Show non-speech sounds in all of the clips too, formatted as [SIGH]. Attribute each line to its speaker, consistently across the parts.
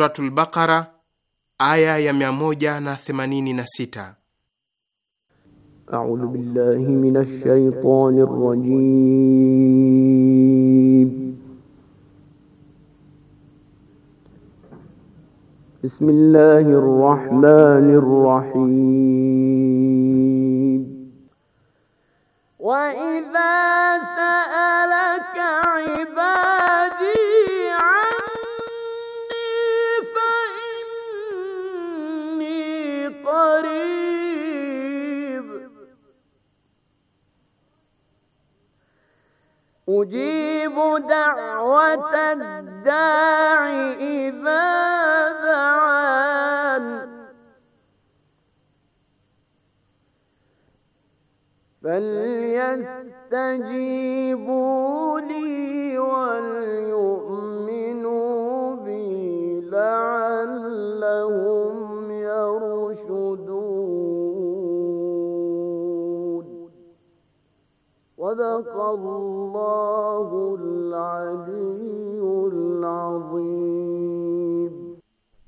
Speaker 1: Suratul Baqara aya ya 186.
Speaker 2: A'udhu billahi minash shaitanir rajim. Bismillahir
Speaker 3: rahmanir rahim. Wa idha أجيب دعوة الداع إذا دعان فليستجيبوا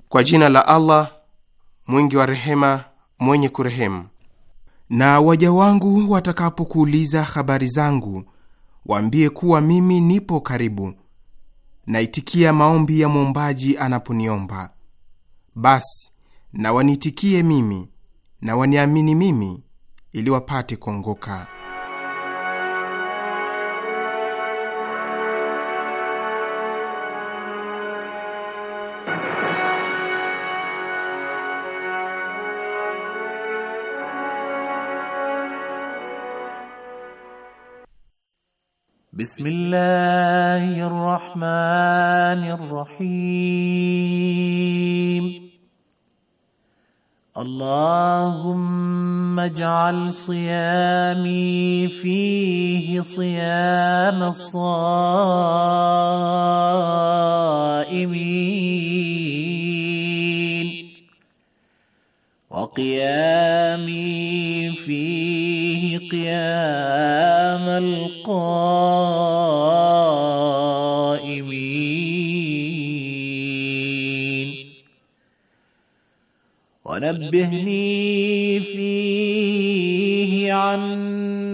Speaker 1: Kwa jina la Allah mwingi wa rehema mwenye kurehemu. Na waja wangu watakapokuuliza habari zangu, waambie kuwa mimi nipo karibu, naitikia maombi ya mwombaji anaponiomba. Basi na wanitikie mimi na waniamini mimi, ili wapate kuongoka.
Speaker 3: بسم الله الرحمن الرحيم اللهم اجعل صيامي فيه صيام الصائمين وقيامي فيه قيام القائمين ونبهني فيه عن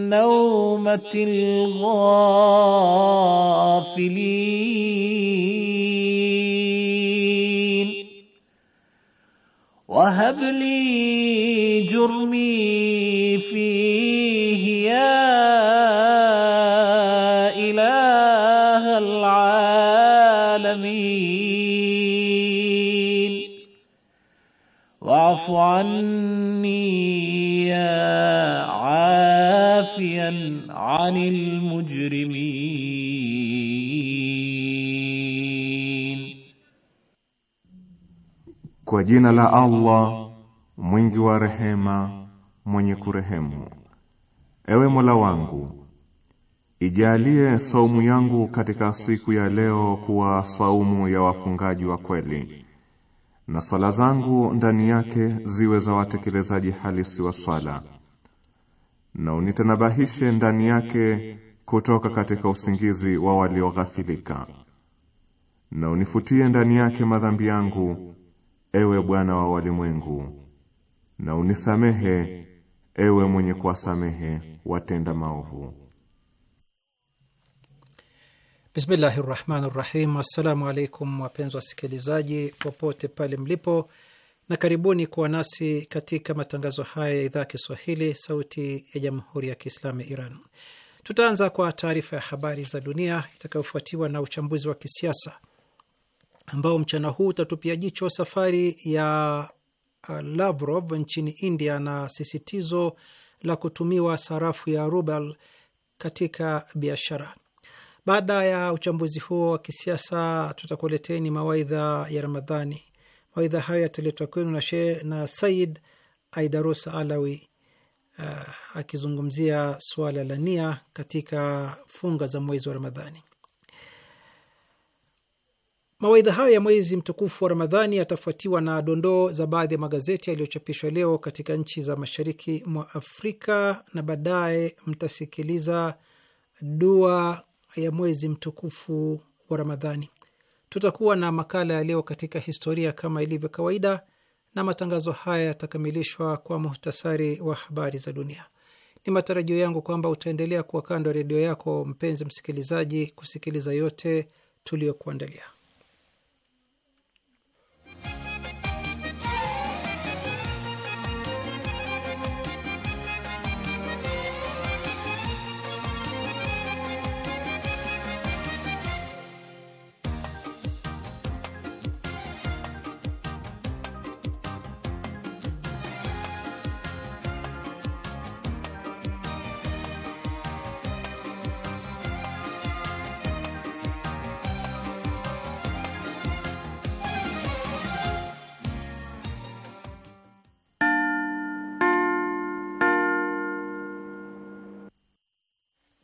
Speaker 3: نومه الغافلين وهب لي جرمي فيه يا إله العالمين واعف عني يا عافيا عن المجرمين
Speaker 4: Kwa jina la Allah mwingi wa rehema, mwenye kurehemu. Ewe Mola wangu, ijalie saumu yangu katika siku ya leo kuwa saumu ya wafungaji wa kweli, na sala zangu ndani yake ziwe za watekelezaji halisi wa sala, na unitanabahishe ndani yake kutoka katika usingizi wa walioghafilika, na unifutie ndani yake madhambi yangu ewe Bwana wa walimwengu, na unisamehe, ewe mwenye kuwasamehe watenda maovu.
Speaker 5: Bismillahi rahmani rahim. Assalamu alaikum wapenzi wasikilizaji popote pale mlipo, na karibuni kuwa nasi katika matangazo haya ya idhaa ya Kiswahili, Sauti ya Jamhuri ya Kiislamu ya Iran. Tutaanza kwa taarifa ya habari za dunia itakayofuatiwa na uchambuzi wa kisiasa ambao mchana huu utatupia jicho safari ya uh, Lavrov nchini India na sisitizo la kutumiwa sarafu ya rubel katika biashara. Baada ya uchambuzi huo wa kisiasa, tutakuleteni mawaidha ya Ramadhani. Mawaidha hayo yataletwa kwenu na, na Said Aidarusa Alawi uh, akizungumzia suala la nia katika funga za mwezi wa Ramadhani. Mawaidha hayo ya mwezi mtukufu wa Ramadhani yatafuatiwa na dondoo za baadhi ya magazeti yaliyochapishwa leo katika nchi za mashariki mwa Afrika, na baadaye mtasikiliza dua ya mwezi mtukufu wa Ramadhani. Tutakuwa na makala ya leo katika historia kama ilivyo kawaida, na matangazo haya yatakamilishwa kwa muhtasari wa habari za dunia. Ni matarajio yangu kwamba utaendelea kuwa kando ya redio yako, mpenzi msikilizaji, kusikiliza yote tuliyokuandalia.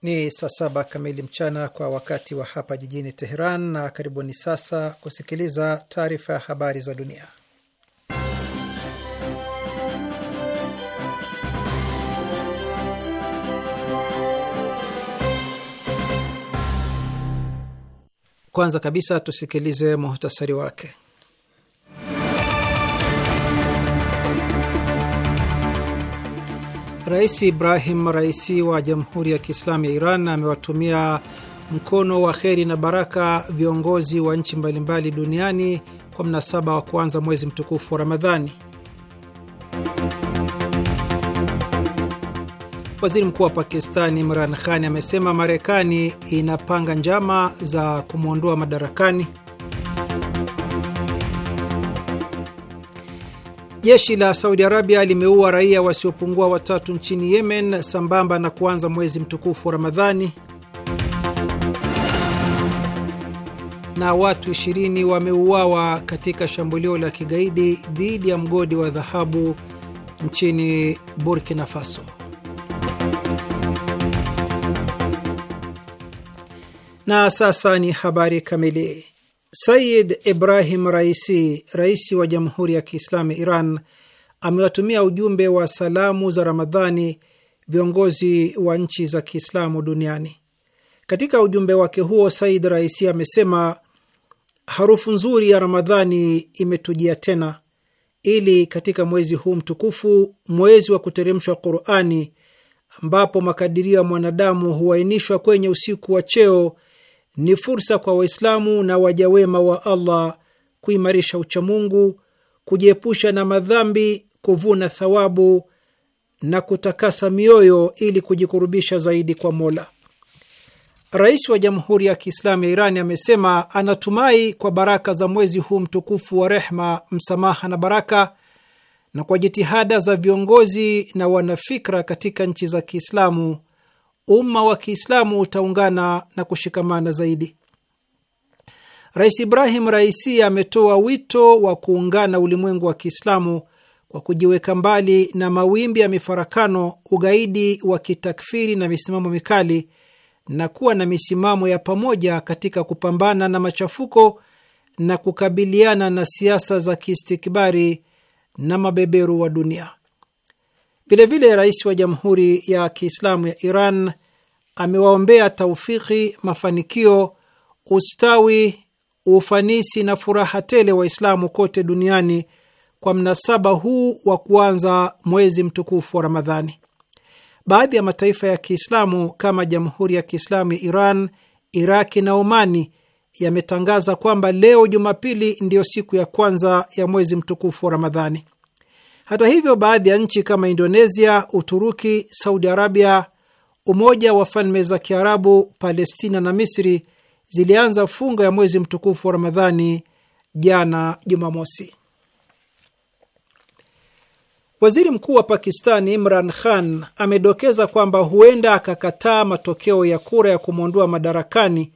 Speaker 5: Ni saa saba kamili mchana kwa wakati wa hapa jijini Teheran, na karibuni sasa kusikiliza taarifa ya habari za dunia. Kwanza kabisa tusikilize muhtasari wake. Rais Ibrahim Raisi wa Jamhuri ya Kiislamu ya Iran amewatumia mkono wa kheri na baraka viongozi wa nchi mbalimbali duniani kwa mnasaba wa kuanza mwezi mtukufu wa Ramadhani. Waziri Mkuu wa Pakistani Imran Khan amesema Marekani inapanga njama za kumwondoa madarakani. Jeshi la Saudi Arabia limeua raia wasiopungua watatu nchini Yemen sambamba na kuanza mwezi mtukufu wa Ramadhani. Na watu 20 wameuawa katika shambulio la kigaidi dhidi ya mgodi wa dhahabu nchini Burkina Faso. Na sasa ni habari kamili. Said Ibrahim Raisi, rais wa Jamhuri ya Kiislamu Iran, amewatumia ujumbe wa salamu za Ramadhani viongozi wa nchi za Kiislamu duniani. Katika ujumbe wake huo, Said Raisi amesema harufu nzuri ya Ramadhani imetujia tena, ili katika mwezi huu mtukufu, mwezi wa kuteremshwa Qurani, ambapo makadirio ya mwanadamu huainishwa kwenye usiku wa cheo ni fursa kwa Waislamu na wajawema wa Allah kuimarisha uchamungu, kujiepusha na madhambi, kuvuna thawabu na kutakasa mioyo ili kujikurubisha zaidi kwa Mola. Rais wa Jamhuri ya Kiislamu ya Irani amesema anatumai kwa baraka za mwezi huu mtukufu wa rehma, msamaha na baraka, na kwa jitihada za viongozi na wanafikra katika nchi za Kiislamu umma wa Kiislamu utaungana na kushikamana zaidi. Rais Ibrahim Raisi ametoa wito wa kuungana ulimwengu wa Kiislamu kwa kujiweka mbali na mawimbi ya mifarakano, ugaidi wa kitakfiri na misimamo mikali na kuwa na misimamo ya pamoja katika kupambana na machafuko na kukabiliana na siasa za kiistikbari na mabeberu wa dunia. Vilevile rais wa Jamhuri ya Kiislamu ya Iran amewaombea taufiki, mafanikio, ustawi, ufanisi na furaha tele Waislamu kote duniani kwa mnasaba huu wa kuanza mwezi mtukufu wa Ramadhani. Baadhi ya mataifa ya Kiislamu kama Jamhuri ya Kiislamu ya Iran, Iraki na Omani yametangaza kwamba leo Jumapili ndiyo siku ya kwanza ya mwezi mtukufu wa Ramadhani. Hata hivyo, baadhi ya nchi kama Indonesia, Uturuki, Saudi Arabia, Umoja wa Falme za Kiarabu, Palestina na Misri zilianza funga ya mwezi mtukufu wa Ramadhani jana Jumamosi. Waziri Mkuu wa Pakistani Imran Khan amedokeza kwamba huenda akakataa matokeo ya kura ya kumwondoa madarakani,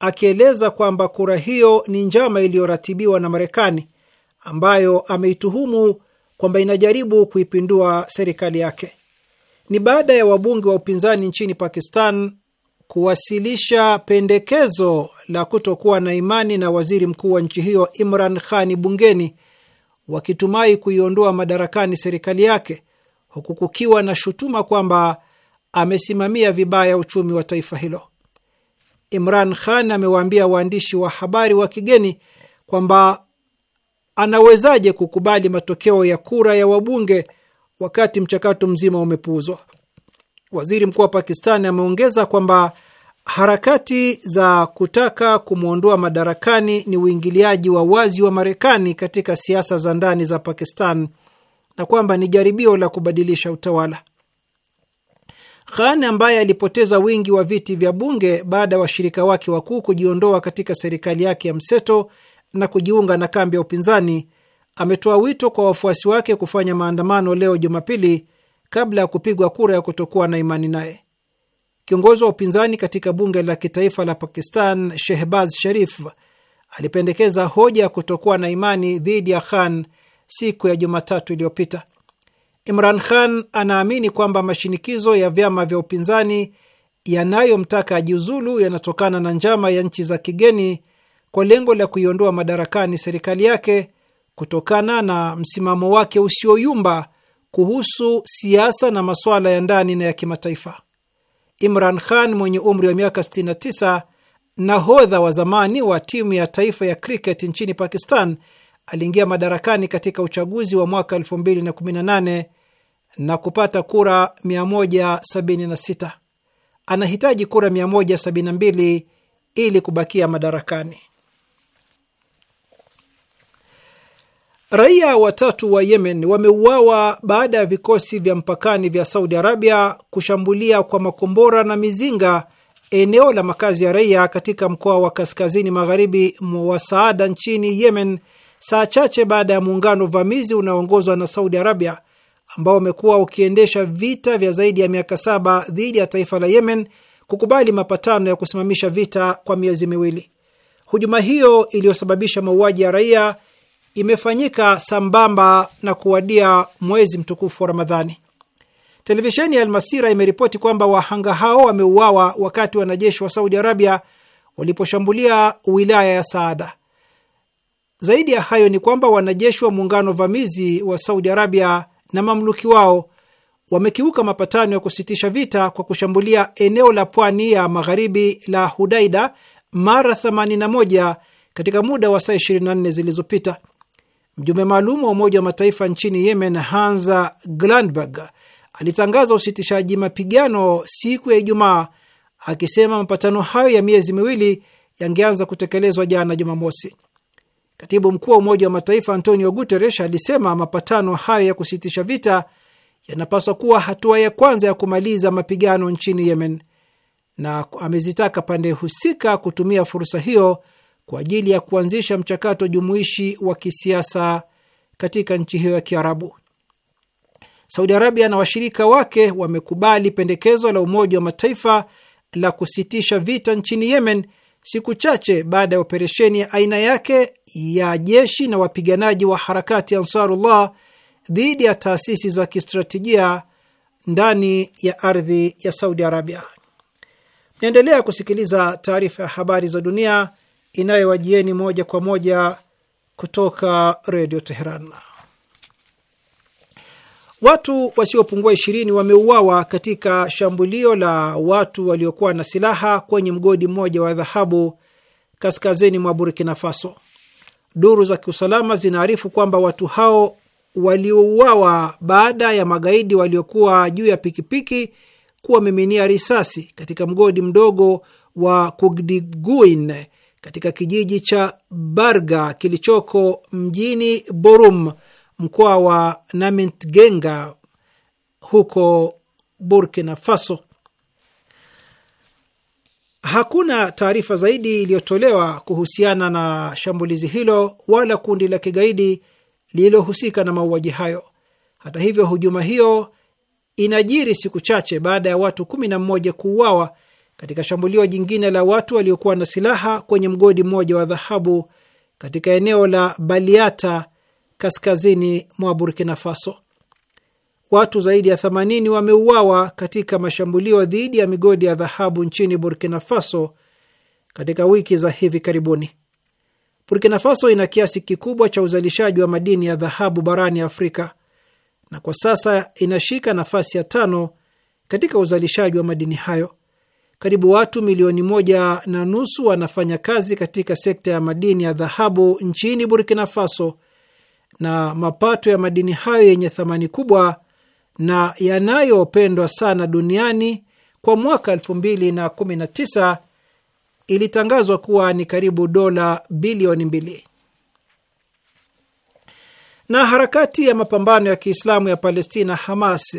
Speaker 5: akieleza kwamba kura hiyo ni njama iliyoratibiwa na Marekani ambayo ameituhumu kwamba inajaribu kuipindua serikali yake. Ni baada ya wabunge wa upinzani nchini Pakistan kuwasilisha pendekezo la kutokuwa na imani na waziri mkuu wa nchi hiyo Imran Khani bungeni wakitumai kuiondoa madarakani serikali yake, huku kukiwa na shutuma kwamba amesimamia vibaya uchumi wa taifa hilo. Imran Khan amewaambia waandishi wa habari wa kigeni kwamba anawezaje kukubali matokeo ya kura ya wabunge wakati mchakato mzima umepuuzwa? Waziri mkuu wa Pakistani ameongeza kwamba harakati za kutaka kumwondoa madarakani ni uingiliaji wa wazi wa Marekani katika siasa za ndani za Pakistan na kwamba ni jaribio la kubadilisha utawala. Khan ambaye alipoteza wingi wa viti vya bunge baada ya washirika wake wakuu kujiondoa katika serikali yake ya mseto na kujiunga na kambi ya upinzani, ametoa wito kwa wafuasi wake kufanya maandamano leo Jumapili kabla ya kupigwa kura ya kutokuwa na imani naye. Kiongozi wa upinzani katika bunge la kitaifa la Pakistan, Shehbaz Sharif, alipendekeza hoja ya kutokuwa na imani dhidi ya Khan siku ya Jumatatu iliyopita. Imran Khan anaamini kwamba mashinikizo ya vyama vya upinzani yanayomtaka ajiuzulu yanatokana na njama ya nchi za kigeni kwa lengo la kuiondoa madarakani serikali yake kutokana na msimamo wake usioyumba kuhusu siasa na masuala ya ndani na ya kimataifa. Imran Khan mwenye umri wa miaka 69, nahodha wa zamani wa timu ya taifa ya kriket nchini Pakistan, aliingia madarakani katika uchaguzi wa mwaka 2018 na kupata kura 176. Anahitaji kura 172 ili kubakia madarakani. Raia watatu wa Yemen wameuawa baada ya vikosi vya mpakani vya Saudi Arabia kushambulia kwa makombora na mizinga eneo la makazi ya raia katika mkoa wa kaskazini magharibi mwa Saada nchini Yemen, saa chache baada ya muungano uvamizi unaoongozwa na Saudi Arabia ambao umekuwa ukiendesha vita vya zaidi ya miaka saba dhidi ya taifa la Yemen kukubali mapatano ya kusimamisha vita kwa miezi miwili. Hujuma hiyo iliyosababisha mauaji ya raia imefanyika sambamba na kuwadia mwezi mtukufu wa Ramadhani. Televisheni ya Almasira imeripoti kwamba wahanga hao wameuawa wakati wanajeshi wa Saudi Arabia waliposhambulia wilaya ya Saada. Zaidi ya hayo ni kwamba wanajeshi wa muungano vamizi wa Saudi Arabia na mamluki wao wamekiuka mapatano ya kusitisha vita kwa kushambulia eneo la pwani ya magharibi la Hudaida mara 81 katika muda wa saa 24 zilizopita. Mjumbe maalum wa Umoja wa Mataifa nchini Yemen, Hansa Glandberg, alitangaza usitishaji mapigano siku ya Ijumaa akisema mapatano hayo ya miezi miwili yangeanza kutekelezwa jana Jumamosi. Katibu mkuu wa Umoja wa Mataifa Antonio Guterres alisema mapatano hayo ya kusitisha vita yanapaswa kuwa hatua ya kwanza ya kumaliza mapigano nchini Yemen, na amezitaka pande husika kutumia fursa hiyo kwa ajili ya kuanzisha mchakato jumuishi wa kisiasa katika nchi hiyo ya Kiarabu. Saudi Arabia na washirika wake wamekubali pendekezo la Umoja wa Mataifa la kusitisha vita nchini Yemen siku chache baada ya operesheni ya aina yake ya jeshi na wapiganaji wa harakati Ansarullah dhidi ya taasisi za kistratejia ndani ya ardhi ya Saudi Arabia. naendelea kusikiliza taarifa ya habari za dunia inayowajieni moja kwa moja kutoka redio Teheran. Watu wasiopungua ishirini wameuawa katika shambulio la watu waliokuwa na silaha kwenye mgodi mmoja wa dhahabu kaskazini mwa Burkina Faso. Duru za kiusalama zinaarifu kwamba watu hao waliouawa baada ya magaidi waliokuwa juu ya pikipiki kuwamiminia risasi katika mgodi mdogo wa Kugdiguin katika kijiji cha Barga kilichoko mjini Borum, mkoa wa Namentgenga huko Burkina Faso. Hakuna taarifa zaidi iliyotolewa kuhusiana na shambulizi hilo wala kundi la kigaidi lililohusika na mauaji hayo. Hata hivyo, hujuma hiyo inajiri siku chache baada ya watu kumi na mmoja kuuawa katika shambulio jingine la watu waliokuwa na silaha kwenye mgodi mmoja wa dhahabu katika eneo la Baliata kaskazini mwa Burkina Faso. Watu zaidi ya 80 wameuawa katika mashambulio dhidi ya migodi ya dhahabu nchini Burkina Faso katika wiki za hivi karibuni. Burkina Faso ina kiasi kikubwa cha uzalishaji wa madini ya dhahabu barani Afrika na kwa sasa inashika nafasi ya tano katika uzalishaji wa madini hayo. Karibu watu milioni moja na nusu wanafanya kazi katika sekta ya madini ya dhahabu nchini Burkina Faso, na mapato ya madini hayo yenye thamani kubwa na yanayopendwa sana duniani kwa mwaka 2019 ilitangazwa kuwa ni karibu dola bilioni mbili. Na harakati ya mapambano ya Kiislamu ya Palestina Hamas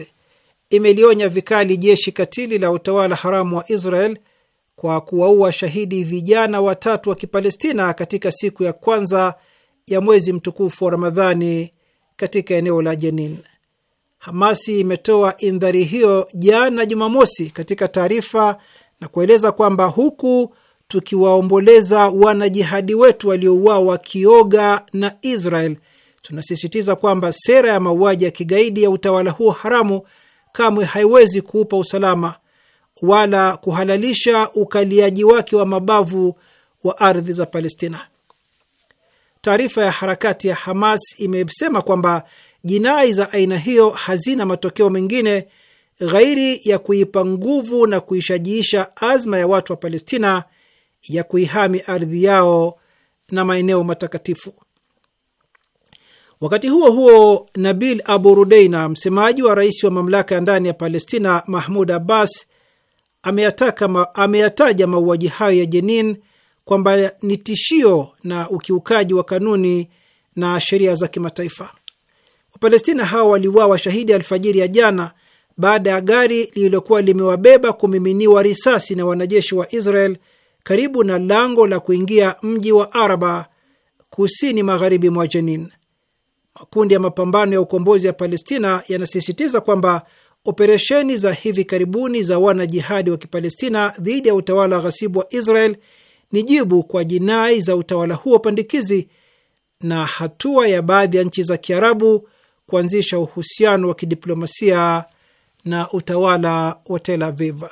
Speaker 5: imelionya vikali jeshi katili la utawala haramu wa Israel kwa kuwaua shahidi vijana watatu wa Kipalestina katika siku ya kwanza ya mwezi mtukufu wa Ramadhani katika eneo la Jenin. Hamasi imetoa indhari hiyo jana Jumamosi katika taarifa na kueleza kwamba huku tukiwaomboleza wanajihadi wetu waliouawa kioga na Israel, tunasisitiza kwamba sera ya mauaji ya kigaidi ya utawala huo haramu kamwe haiwezi kuupa usalama wala kuhalalisha ukaliaji wake wa mabavu wa ardhi za Palestina. Taarifa ya harakati ya Hamas imesema kwamba jinai za aina hiyo hazina matokeo mengine ghairi ya kuipa nguvu na kuishajiisha azma ya watu wa Palestina ya kuihami ardhi yao na maeneo matakatifu. Wakati huo huo, Nabil Abu Rudeina, msemaji wa rais wa mamlaka ya ndani ya Palestina Mahmud Abbas, ameyataja mauaji hayo ya Jenin kwamba ni tishio na ukiukaji wa kanuni na sheria za kimataifa. Wapalestina hao waliuawa shahidi alfajiri ya jana baada ya gari lililokuwa limewabeba kumiminiwa risasi na wanajeshi wa Israel karibu na lango la kuingia mji wa Araba kusini magharibi mwa Jenin makundi ya mapambano ya ukombozi ya Palestina yanasisitiza kwamba operesheni za hivi karibuni za wanajihadi wa Kipalestina dhidi ya utawala wa ghasibu wa Israel ni jibu kwa jinai za utawala huo pandikizi na hatua ya baadhi ya nchi za Kiarabu kuanzisha uhusiano wa kidiplomasia na utawala wa Tel Aviv.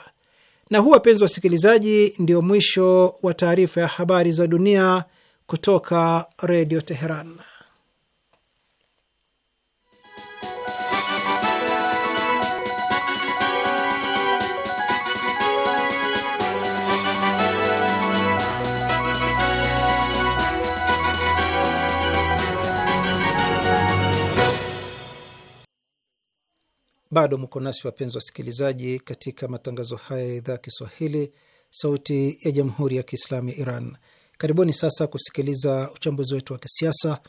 Speaker 5: Na huu, wapenzi wa wasikilizaji, ndio mwisho wa taarifa ya habari za dunia kutoka Redio Teheran. Bado mko nasi wapenzi wasikilizaji, katika matangazo haya ya idhaa ya Kiswahili, Sauti ya Jamhuri ya Kiislamu ya Iran. Karibuni sasa kusikiliza uchambuzi wetu wa kisiasa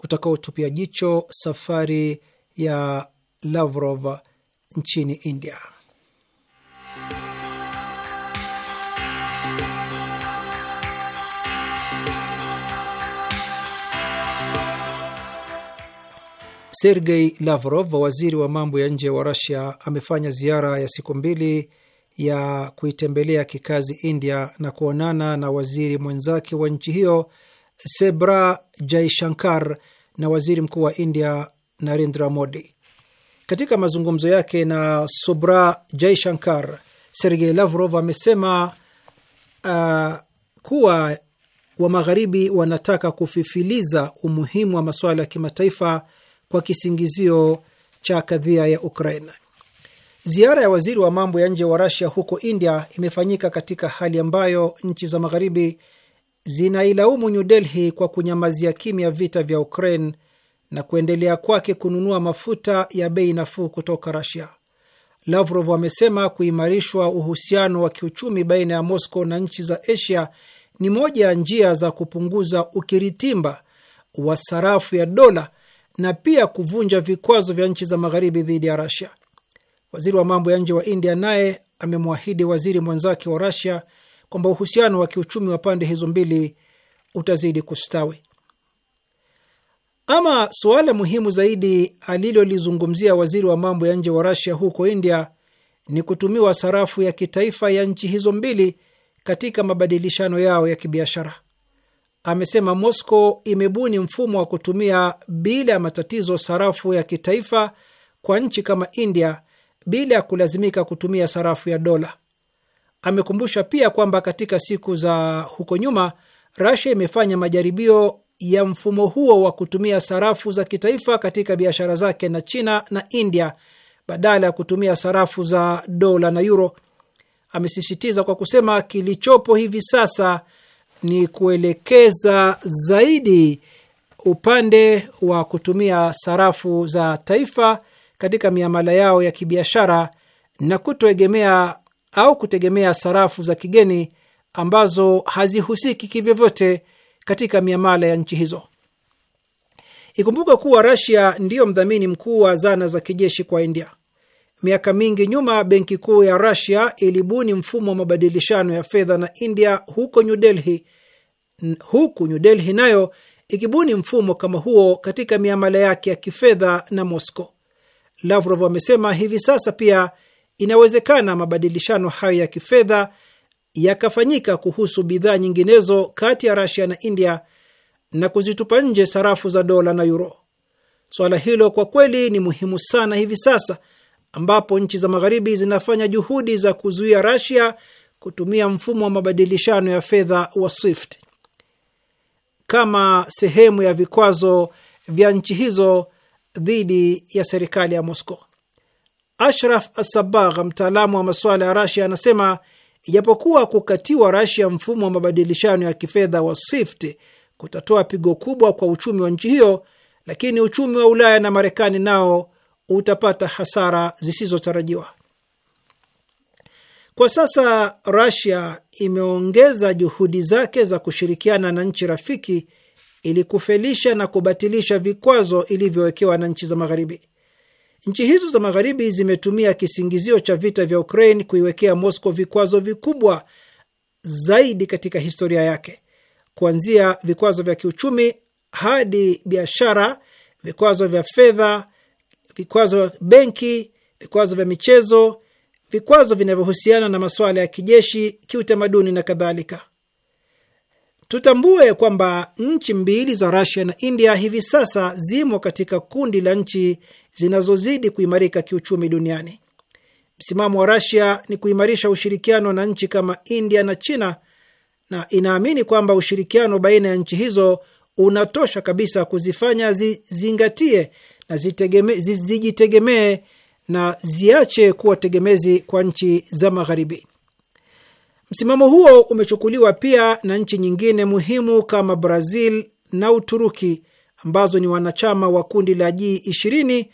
Speaker 5: utakaotupia jicho safari ya Lavrov nchini India. Sergei Lavrov, waziri wa mambo ya nje wa Rusia, amefanya ziara ya siku mbili ya kuitembelea kikazi India na kuonana na waziri mwenzake wa nchi hiyo Sebra Jaishankar na waziri mkuu wa India Narendra Modi. Katika mazungumzo yake na Subra Jaishankar, Sergei Lavrov amesema uh, kuwa wa Magharibi wanataka kufifiliza umuhimu wa masuala ya kimataifa kwa kisingizio cha kadhia ya ukraine Ziara ya waziri wa mambo ya nje wa Rasia huko India imefanyika katika hali ambayo nchi za Magharibi zinailaumu New Delhi kwa kunyamazia kimya vita vya Ukraine na kuendelea kwake kununua mafuta ya bei nafuu kutoka Rasia. Lavrov amesema kuimarishwa uhusiano wa kiuchumi baina ya Moscow na nchi za Asia ni moja ya njia za kupunguza ukiritimba wa sarafu ya dola na pia kuvunja vikwazo vya nchi za magharibi dhidi ya rasia Waziri wa mambo ya nje wa India naye amemwahidi waziri mwenzake wa rasia kwamba uhusiano wa kiuchumi wa pande hizo mbili utazidi kustawi. Ama suala muhimu zaidi alilolizungumzia waziri wa mambo ya nje wa rasia huko India ni kutumiwa sarafu ya kitaifa ya nchi hizo mbili katika mabadilishano yao ya kibiashara amesema Moscow imebuni mfumo wa kutumia bila ya matatizo sarafu ya kitaifa kwa nchi kama India bila ya kulazimika kutumia sarafu ya dola. Amekumbusha pia kwamba katika siku za huko nyuma Russia imefanya majaribio ya mfumo huo wa kutumia sarafu za kitaifa katika biashara zake na China na India badala ya kutumia sarafu za dola na euro. Amesisitiza kwa kusema kilichopo hivi sasa ni kuelekeza zaidi upande wa kutumia sarafu za taifa katika miamala yao ya kibiashara na kutoegemea au kutegemea sarafu za kigeni ambazo hazihusiki kivyovyote katika miamala ya nchi hizo. Ikumbuka kuwa Rasia ndiyo mdhamini mkuu wa zana za kijeshi kwa India. Miaka mingi nyuma, benki kuu ya Rasia ilibuni mfumo wa mabadilishano ya fedha na India huko New Delhi huku New Delhi nayo ikibuni mfumo kama huo katika miamala yake ya kifedha na Moscow. Lavrov amesema hivi sasa pia inawezekana mabadilishano hayo ya kifedha yakafanyika kuhusu bidhaa nyinginezo kati ya Russia na India na kuzitupa nje sarafu za dola na euro. Suala hilo kwa kweli ni muhimu sana hivi sasa ambapo nchi za magharibi zinafanya juhudi za kuzuia Russia kutumia mfumo wa mabadilishano ya fedha wa Swift kama sehemu ya vikwazo vya nchi hizo dhidi ya serikali ya Moscow. Ashraf Assabagh, mtaalamu wa masuala ya Rasia, anasema ijapokuwa kukatiwa Rasia mfumo wa mabadilishano ya kifedha wa SWIFT kutatoa pigo kubwa kwa uchumi wa nchi hiyo, lakini uchumi wa Ulaya na Marekani nao utapata hasara zisizotarajiwa. Kwa sasa Russia imeongeza juhudi zake za kushirikiana na nchi rafiki ili kufelisha na kubatilisha vikwazo ilivyowekewa na nchi za Magharibi. Nchi hizo za Magharibi zimetumia kisingizio cha vita vya Ukraine kuiwekea Moscow vikwazo vikubwa zaidi katika historia yake, kuanzia vikwazo vya kiuchumi hadi biashara, vikwazo vya fedha, vikwazo vya benki, vikwazo vya michezo vikwazo vinavyohusiana na masuala ya kijeshi, kiutamaduni na kadhalika. Tutambue kwamba nchi mbili za rusia na India hivi sasa zimo katika kundi la nchi zinazozidi kuimarika kiuchumi duniani. Msimamo wa rasia ni kuimarisha ushirikiano na nchi kama India na China, na inaamini kwamba ushirikiano baina ya nchi hizo unatosha kabisa kuzifanya zizingatie na zijitegemee na ziache kuwa tegemezi kwa nchi za Magharibi. Msimamo huo umechukuliwa pia na nchi nyingine muhimu kama Brazil na Uturuki ambazo ni wanachama wa kundi la G20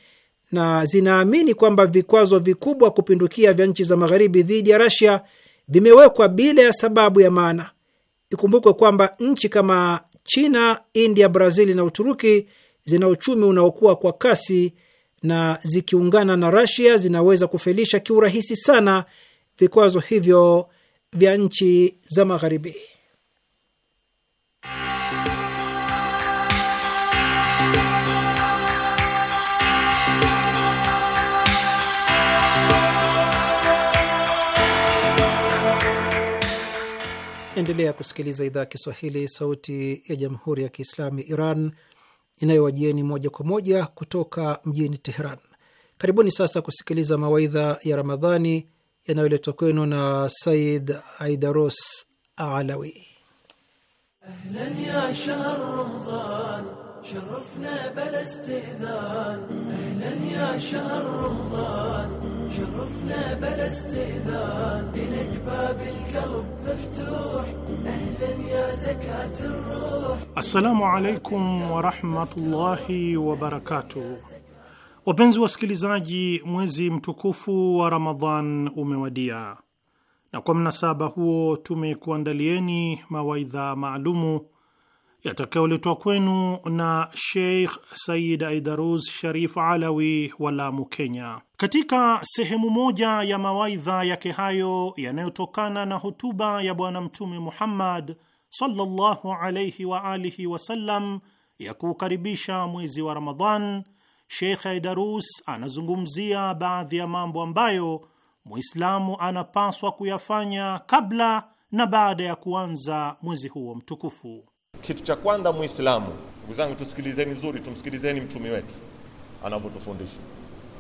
Speaker 5: na zinaamini kwamba vikwazo vikubwa kupindukia vya nchi za Magharibi dhidi ya Russia vimewekwa bila ya sababu ya maana. Ikumbukwe kwamba nchi kama China, India, Brazil na Uturuki zina uchumi unaokuwa kwa kasi na zikiungana na Rasia zinaweza kufelisha kiurahisi sana vikwazo hivyo vya nchi za Magharibi. Endelea kusikiliza idhaa ya Kiswahili, sauti ya jamhuri ya kiislamu ya Iran inayowajieni moja kwa moja kutoka mjini Teheran. Karibuni sasa kusikiliza mawaidha ya Ramadhani yanayoletwa kwenu na Said Aidaros Alawi.
Speaker 3: Ahlan ya shahr Ramadhan, sharafna bila istidhan. Ahlan ya shahr Ramadhan شرفنا بلا استئذان إلك باب القلب مفتوح أهلا يا زكاة الروح
Speaker 6: السلام عليكم ورحمة الله وبركاته Wapenzi wasikilizaji, mwezi mtukufu wa Ramadhan umewadia, na kwa mnasaba huo tumekuandalieni mawaidha maalumu yatakayoletwa kwenu na Sheikh Said Aidarus Sharif Alawi wa Lamu, Kenya. Katika sehemu moja ya mawaidha yake hayo yanayotokana na hotuba ya Bwana Mtume Muhammad sallallahu alayhi wa alihi wasallam ya kuukaribisha mwezi wa Ramadhan, Sheikh Aidarus anazungumzia baadhi ya mambo ambayo Muislamu anapaswa kuyafanya kabla na baada ya kuanza mwezi huo mtukufu.
Speaker 4: Kitu cha kwanza Muislamu, ndugu zangu, tusikilizeni vizuri, tumsikilizeni mtumi wetu anavyotufundisha.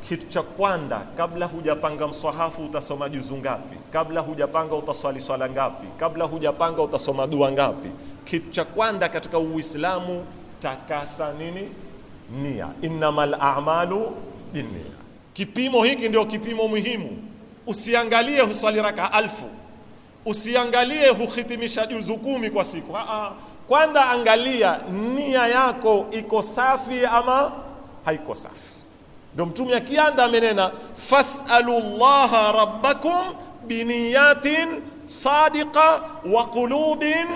Speaker 4: Kitu cha kwanza, kabla hujapanga mswahafu utasoma juzu ngapi? Kabla hujapanga utaswali swala ngapi? Kabla hujapanga utasoma dua ngapi? Kitu cha kwanza katika Uislamu, takasa nini? Nia, innamal a'malu binnia. Kipimo hiki ndio kipimo muhimu. Usiangalie huswali raka alfu, usiangalie huhitimisha juzu kumi kwa siku. Aa, kwanza angalia nia yako iko safi ama haiko safi. Ndio Mtume akianza amenena fasalu llaha rabbakum biniyatin sadiqa wa qulubin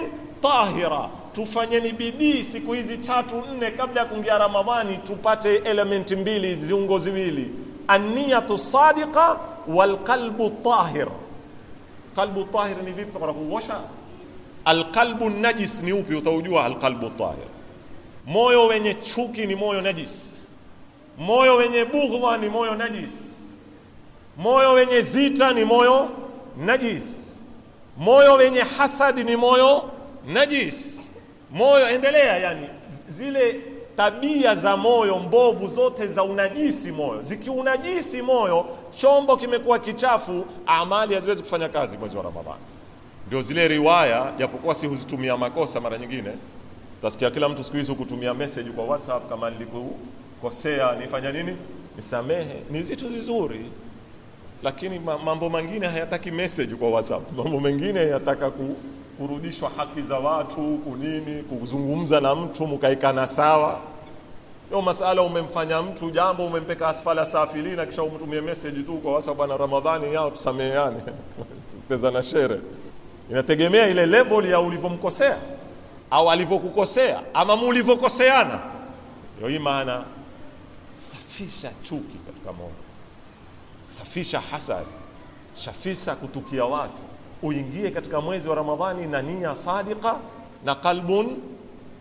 Speaker 4: tahira. Tufanyeni bidii siku hizi tatu nne kabla ya kuingia Ramadhani, tupate elementi mbili, ziungo ziwili, anniyatu sadiqa walqalbu tahir. Qalbu tahir ni vipi? Tutakwenda kuosha Alqalbu najis ni upi? Utaujua alqalbu tahir. Moyo wenye chuki ni moyo najis, moyo wenye bughdha ni moyo najis, moyo wenye zita ni moyo najis, moyo wenye hasadi ni moyo najis, moyo endelea. Yani zile tabia za moyo mbovu zote za unajisi moyo, zikiunajisi moyo, chombo kimekuwa kichafu, amali haziwezi kufanya kazi mwezi wa Ramadhani. Ndio zile riwaya, japokuwa si huzitumia makosa mara nyingine. Utasikia kila mtu siku hizi kutumia message kwa WhatsApp, kama nilikukosea nifanya nini, nisamehe. Ni zitu zizuri, lakini mambo mengine hayataki message kwa WhatsApp. Mambo mengine yataka ku, kurudishwa haki za watu, kunini, kuzungumza na mtu mkaikana sawa Yo masala umemfanya mtu jambo umempeka asfala safilina kisha umtumie message tu kwa WhatsApp, bwana Ramadhani yao tusameheane [LAUGHS] tezana shere inategemea ile level ya ulivyomkosea au alivyokukosea ama mulivyokoseana. Ndio hii maana safisha chuki katika moyo, safisha hasadi, safisha kutukia watu, uingie katika mwezi wa Ramadhani na nia sadika na qalbun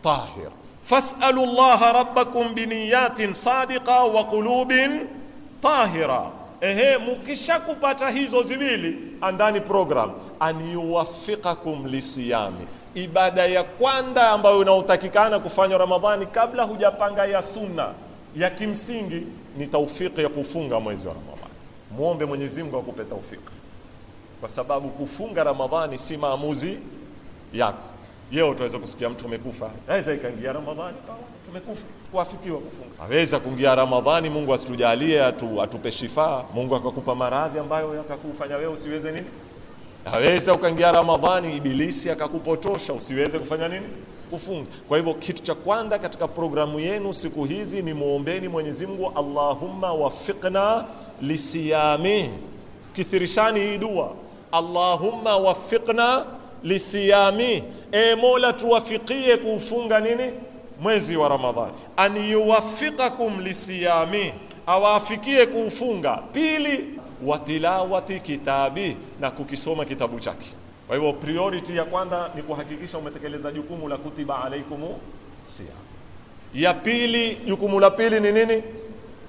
Speaker 4: tahir. Fasalu llaha rabbakum biniyatin sadika wa qulubin tahira ehe, mukishakupata hizo ziwili andani program an lisiyami ibada ya kwanza ambayo inaotakikana kufanywa Ramadhani kabla hujapanga ya sunna ya kimsingi ni taufiki ya kufunga mwezi wa Ramadhani. Muombe Mwenyezi Mungu akupe taufiki, kwa sababu kufunga Ramadhani si maamuzi yako. Yeo utaweza kusikia mtu amekufa, naweza ikaingia Ramadhani kawa kuafikiwa kufunga. Aweza kuingia Ramadhani, Mungu asitujalie atu, atupe shifa, Mungu akakupa maradhi ambayo yakakufanya wewe usiweze nini. Aweza ukaingia Ramadhani, ibilisi akakupotosha usiweze kufanya nini, kufunga. Kwa hivyo kitu cha kwanza katika programu yenu siku hizi ni muombeni Mwenyezi Mungu, Allahumma wafiqna lisiyami. Kithirishani hii dua, Allahumma wafiqna lisiyami, e Mola tuwafikie kuufunga nini mwezi wa Ramadhani, an yuwaffiqakum lisiyami, awaafikie kuufunga. Pili, wa tilawati kitabi, na kukisoma kitabu chake. Kwa hivyo priority ya kwanza ni kuhakikisha umetekeleza jukumu la kutiba alaikum siyam. Ya pili, jukumu la pili ni nini?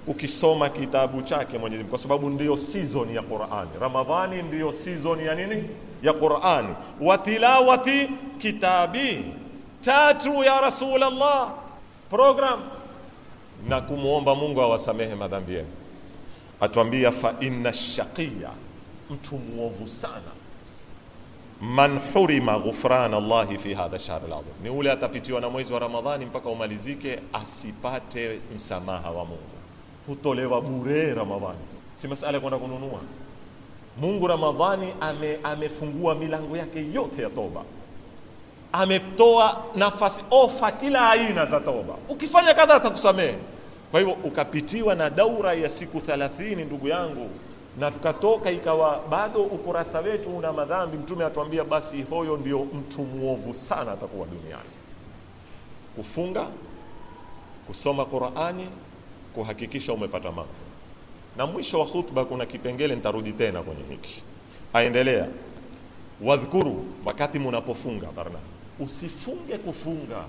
Speaker 4: Ukisoma kitabu chake Mwenyezi Mungu, kwa sababu ndiyo season ya Qur'ani. Ramadhani ndiyo season ya nini? Ya Qur'ani. Wa tilawati kitabi tatu ya Rasulullah program na kumwomba Mungu awasamehe madhambi yenu. Atuambia fa inna shaqiya, mtu muovu sana, man hurima ghufran Allah fi hadha shahr al-azim, ni ule atapitiwa na mwezi wa Ramadhani mpaka umalizike asipate msamaha wa Mungu. Hutolewa bure Ramadhani, si masala ya kwenda kununua. Mungu Ramadhani ame, amefungua milango yake yote ya toba ametoa nafasi ofa kila aina za toba, ukifanya kadha atakusamehe. Kwa hivyo ukapitiwa na daura ya siku thalathini, ndugu yangu, na tukatoka ikawa bado ukurasa wetu una madhambi. Mtume atuambia basi hoyo ndio mtu mwovu sana atakuwa duniani: kufunga, kusoma Qurani, kuhakikisha umepata mafu. Na mwisho wa khutba kuna kipengele nitarudi tena kwenye hiki. Aendelea wadhkuru, wakati munapofunga barna usifunge kufunga,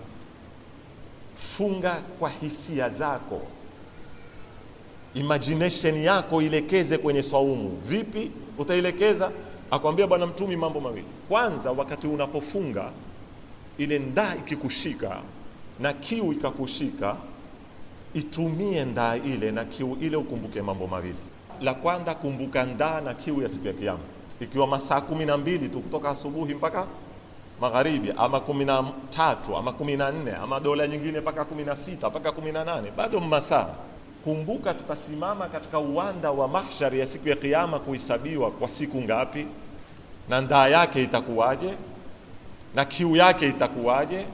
Speaker 4: funga kwa hisia zako, imagination yako ilekeze kwenye swaumu. Vipi utailekeza? Akwambia Bwana Mtumi mambo mawili. Kwanza, wakati unapofunga ile ndaa ikikushika na kiu ikakushika, itumie ndaa ile na kiu ile, ukumbuke mambo mawili. La kwanza, kumbuka ndaa na kiu ya siku ya Kiyama, ikiwa masaa kumi na mbili tu kutoka asubuhi mpaka magharibi ama kumi na tatu ama kumi na nne ama dola nyingine mpaka kumi na sita mpaka kumi na nane bado mmasaa. Kumbuka tutasimama katika uwanda wa mahshari ya siku ya Kiyama kuhesabiwa kwa siku ngapi, na ndaa yake itakuwaje, na kiu yake itakuwaje,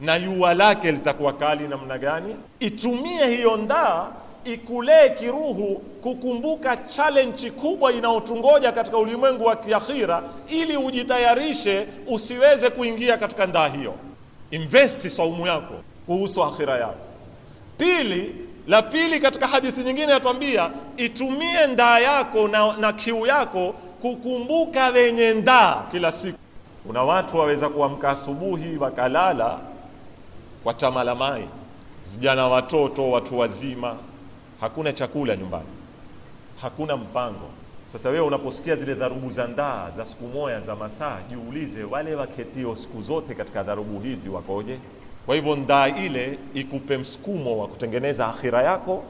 Speaker 4: na yua lake litakuwa kali namna gani. Itumie hiyo ndaa ikulee kiruhu kukumbuka challenge kubwa inayotungoja katika ulimwengu wa kiakhira, ili ujitayarishe usiweze kuingia katika ndaa hiyo. Investi saumu yako kuhusu akhira yako. Pili, la pili katika hadithi nyingine yatwambia itumie ndaa yako na, na kiu yako kukumbuka wenye ndaa kila siku. Kuna watu waweza kuamka asubuhi wakalala kwa tamalamai, zijana, watoto, watu wazima hakuna chakula nyumbani, hakuna mpango. Sasa wewe unaposikia zile dharubu za ndaa za siku moja za masaa, jiulize wale waketio siku zote katika dharubu hizi wakoje? Kwa hivyo ndaa ile ikupe msukumo wa kutengeneza akhira yako,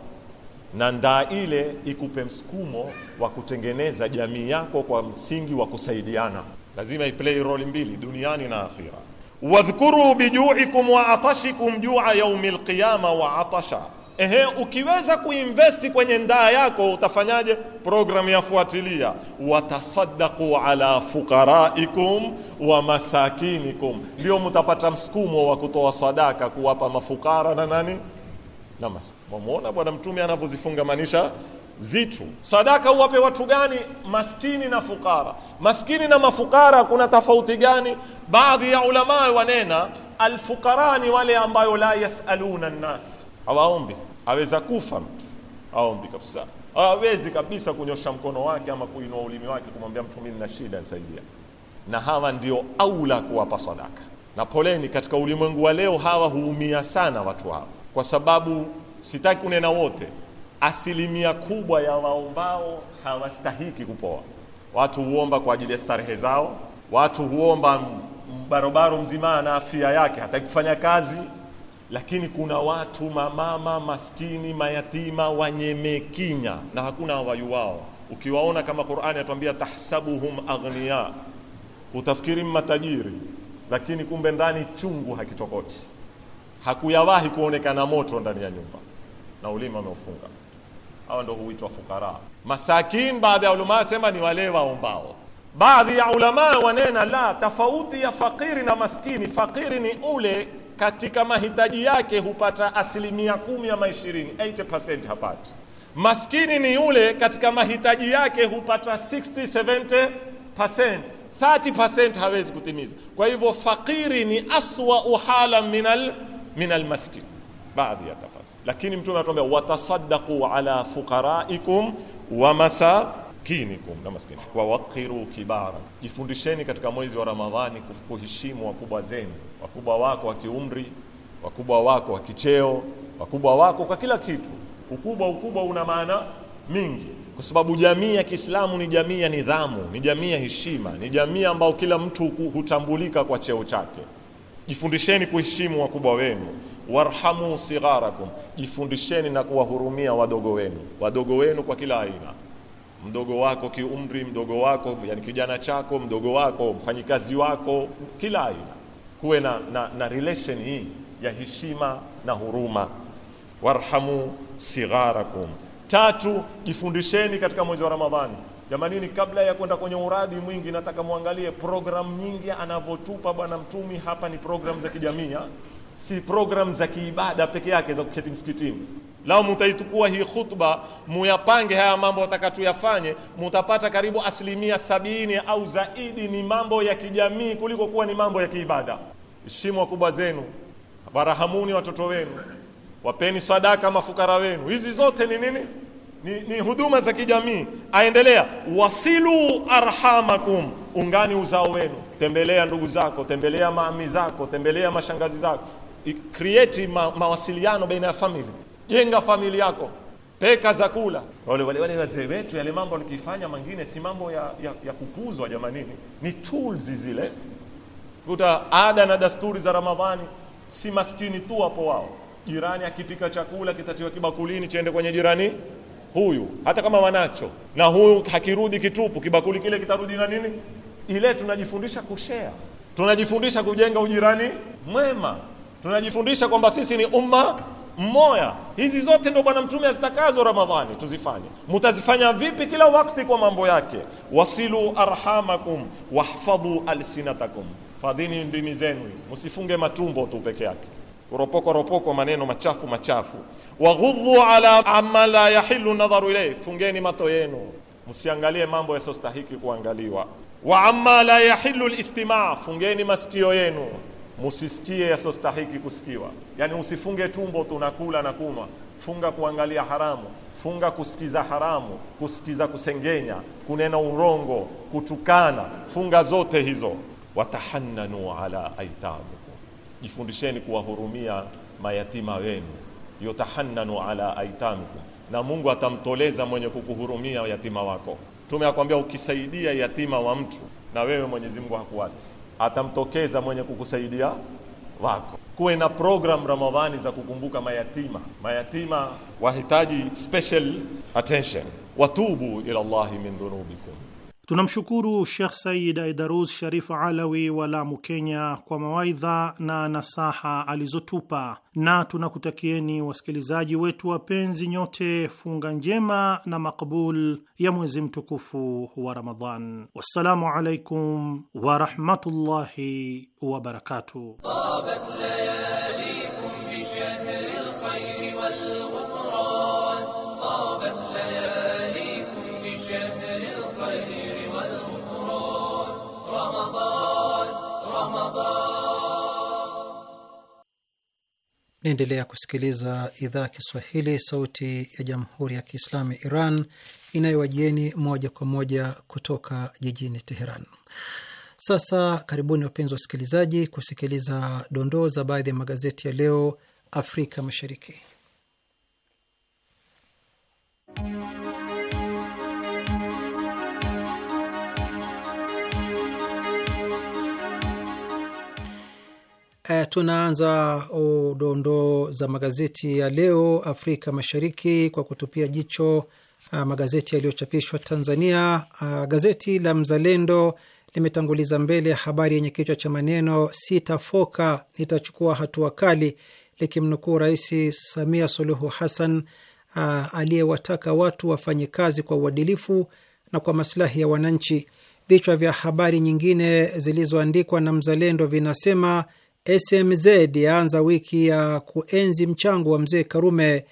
Speaker 4: na ndaa ile ikupe msukumo wa kutengeneza jamii yako kwa msingi wa kusaidiana. Lazima iplay role mbili duniani na akhira. Wadhkuru bijuikum wa atashikum jua yaumi lqiyama wa atasha Ehe, ukiweza kuinvesti kwenye ndaa yako utafanyaje? Programu yafuatilia, watasaddaqu ala fuqaraikum wa masakinikum, ndio mtapata msukumo wa kutoa sadaka, kuwapa mafukara na nani na maskini. Wamuona Bwana Mtume anavyozifungamanisha zitu. Sadaka uwape watu gani? Maskini na fukara. Maskini na mafukara kuna tofauti gani? Baadhi ya ulama wanena alfukara ni wale ambayo la yasaluna nnas, hawaombi aweza kufa mtu aombi kabisa, hawezi kabisa kunyosha mkono wake ama kuinua ulimi wake kumwambia mtu mimi na shida nisaidia. Na hawa ndio aula kuwapa sadaka. Na poleni, katika ulimwengu wa leo hawa huumia sana watu hawa, kwa sababu sitaki kunena wote, asilimia kubwa ya waombao hawastahiki kupoa. Watu huomba kwa ajili ya starehe zao, watu huomba mbarobaro mzima na afya yake, hataki kufanya kazi lakini kuna watu mamama maskini mayatima wanyemekinya na hakuna wayu wao. Ukiwaona kama Qur'ani atambia tahsabuhum aghnia, utafikiri matajiri, lakini kumbe ndani chungu hakitokoti, hakuyawahi kuonekana moto ndani ya nyumba na ulima ameufunga. Hawa ndio huitwa fukara masakin. Baadhi ya ulama sema ni wale waombao. Baadhi ya ulama wanena la, tofauti ya fakiri na maskini, fakiri ni ule katika mahitaji yake hupata asilimia kumi ama ishirini 80% hapati. Maskini ni yule katika mahitaji yake hupata 60 70%, 30% hawezi kutimiza. Kwa hivyo fakiri ni aswau hala minal minal maskin, baadhi ya tafasi. Lakini Mtume anatuambia watasaddaqu ala fuqaraikum wa masa kinikum na maskini kwa waqiru kibara, jifundisheni katika mwezi wa Ramadhani kuheshimu wakubwa zenu, wakubwa wako wa kiumri, wakubwa wako wa kicheo, wakubwa wako kwa kila kitu. Ukubwa ukubwa una maana mingi, kwa sababu jamii ya Kiislamu ni jamii ya nidhamu, ni jamii ya heshima, ni jamii ambayo kila mtu hutambulika kwa cheo chake. Jifundisheni kuheshimu wakubwa wenu warhamu sigharakum, jifundisheni na kuwahurumia wadogo wenu, wadogo wenu kwa kila aina mdogo wako kiumri, mdogo wako yani kijana chako, mdogo wako, mfanyikazi wako, kila aina, kuwe na, na, na relation hii ya heshima na huruma. Warhamu sigharakum. Tatu, jifundisheni katika mwezi wa Ramadhani. Jamanini, kabla ya kwenda kwenye uradi mwingi, nataka muangalie program nyingi anavyotupa Bwana Mtumi hapa. Ni program za kijamii, si program za kiibada peke yake za kuketi msikitini lao mutaitukua hii khutba muyapange haya mambo watakatuyafanye mutapata karibu asilimia sabini au zaidi ni mambo ya kijamii kuliko kuwa ni mambo ya kiibada. Heshimu wakubwa zenu, warahamuni watoto wenu, wapeni sadaka mafukara wenu. Hizi zote ni nini? Ni, ni huduma za kijamii. Aendelea, wasilu arhamakum, ungani uzao wenu, tembelea ndugu zako, tembelea maami zako, tembelea mashangazi zako, create ma, mawasiliano baina ya family jenga familia yako, peka za kula. Wale wale wale wazee wetu, yale mambo nikifanya mengine si mambo ya, ya, ya kupuzwa jamanini, ni tools zile. Kuta ada na dasturi za Ramadhani, si maskini tu hapo wao. Jirani akipika chakula kitatiwa kibakulini, chende kwenye jirani huyu, hata kama wanacho, na huyu hakirudi kitupu, kibakuli kile kitarudi na nini ile. Tunajifundisha kushare, tunajifundisha kujenga ujirani mwema, tunajifundisha kwamba sisi ni umma mmoya. Hizi zote ndo Bwana Mtume azitakazo Ramadhani tuzifanye. Mutazifanya vipi? Kila wakati kwa mambo yake. Wasilu arhamakum wahfadhu alsinatakum, fadhini ndimi zenu, msifunge matumbo tu peke yake ropoko ropoko, maneno machafu machafu. Waghudhu ala amma la yahilu nadharu ilayhi, fungeni mato yenu, msiangalie mambo yasiostahiki kuangaliwa. Wa amma la yahilu listimaa, fungeni masikio yenu musisikie yasostahiki kusikiwa. Yani usifunge tumbo tu unakula na kunwa funga kuangalia haramu, funga kusikiza haramu, kusikiza kusengenya, kunena urongo, kutukana, funga zote hizo. Watahannanu ala aitamikum, jifundisheni kuwahurumia mayatima wenu. Yotahannanu ala aitamikum, na Mungu atamtoleza mwenye kukuhurumia yatima wako. Tume akwambia ukisaidia yatima wa mtu na wewe Mwenyezi Mungu hakuachi atamtokeza mwenye kukusaidia wako. Kuwe na program Ramadhani za kukumbuka mayatima, mayatima wahitaji special attention. Watubu ila Allahi min dhunubikum
Speaker 6: Tunamshukuru Shekh Sayid Aidarus Sharif Alawi wa Lamu, Kenya, kwa mawaidha na nasaha alizotupa, na tunakutakieni wasikilizaji wetu wapenzi nyote funga njema na makbul ya mwezi mtukufu wa Ramadhan. Wassalamu alaikum warahmatullahi wabarakatuh.
Speaker 5: Naendelea kusikiliza idhaa ya Kiswahili, sauti ya jamhuri ya kiislamu Iran inayowajieni moja kwa moja kutoka jijini Teheran. Sasa karibuni wapenzi wasikilizaji, kusikiliza dondoo za baadhi ya magazeti ya leo Afrika Mashariki. E, tunaanza dondoo za magazeti ya leo Afrika Mashariki kwa kutupia jicho a, eh, magazeti yaliyochapishwa Tanzania. A, eh, gazeti la Mzalendo limetanguliza mbele habari yenye kichwa cha maneno sitafoka, nitachukua hatua kali, likimnukuu Rais Samia Suluhu Hassan aliyewataka watu wafanye kazi kwa uadilifu na kwa masilahi ya wananchi. Vichwa vya habari nyingine zilizoandikwa na Mzalendo vinasema SMZ yaanza wiki ya kuenzi mchango wa mzee Karume.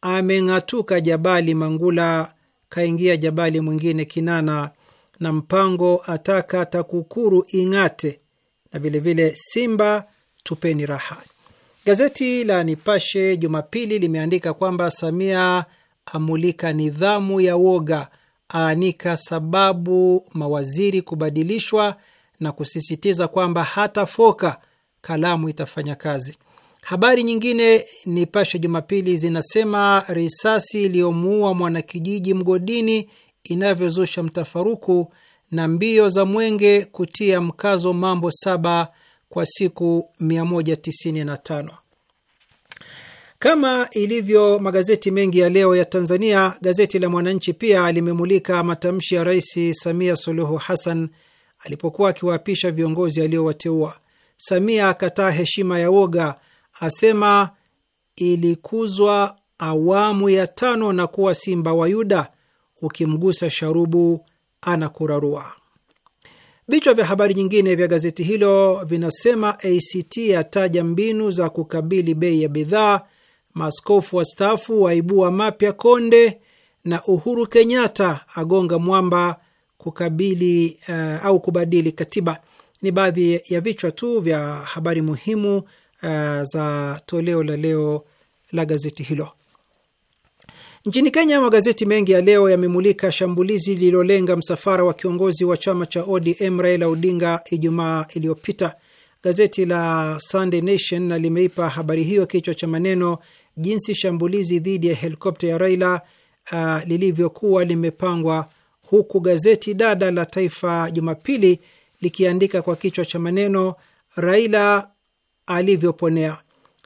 Speaker 5: Ameng'atuka jabali Mangula, kaingia jabali mwingine Kinana, na mpango ataka TAKUKURU ing'ate, na vilevile Simba tupeni raha. Gazeti la Nipashe Jumapili limeandika kwamba Samia amulika nidhamu ya woga, aanika sababu mawaziri kubadilishwa, na kusisitiza kwamba hata foka kalamu itafanya kazi. Habari nyingine Nipashe Jumapili zinasema risasi iliyomuua mwanakijiji mgodini inavyozusha mtafaruku na mbio za mwenge kutia mkazo mambo saba kwa siku 195. Kama ilivyo magazeti mengi ya leo ya Tanzania, gazeti la Mwananchi pia limemulika matamshi ya Rais Samia Suluhu Hassan alipokuwa akiwaapisha viongozi aliowateua. Samia akataa heshima ya woga, asema ilikuzwa awamu ya tano na kuwa simba wa Yuda, ukimgusa sharubu anakurarua. Vichwa vya habari nyingine vya gazeti hilo vinasema: ACT yataja mbinu za kukabili bei ya bidhaa, maskofu wastaafu waibua mapya konde, na Uhuru Kenyatta agonga mwamba kukabili uh, au kubadili katiba. Ni baadhi ya vichwa tu vya habari muhimu uh, za toleo la leo la gazeti hilo. Nchini Kenya, magazeti mengi ya leo yamemulika shambulizi lililolenga msafara wa kiongozi wa chama cha ODM Raila Odinga Ijumaa iliyopita. Gazeti la Sunday Nation na limeipa habari hiyo kichwa cha maneno, jinsi shambulizi dhidi ya helikopta ya Raila uh, lilivyokuwa limepangwa, huku gazeti dada la Taifa Jumapili likiandika kwa kichwa cha maneno Raila alivyoponea.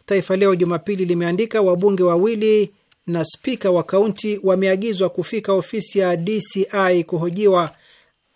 Speaker 5: Taifa Leo Jumapili limeandika wabunge wawili na spika wa kaunti wameagizwa kufika ofisi ya DCI kuhojiwa.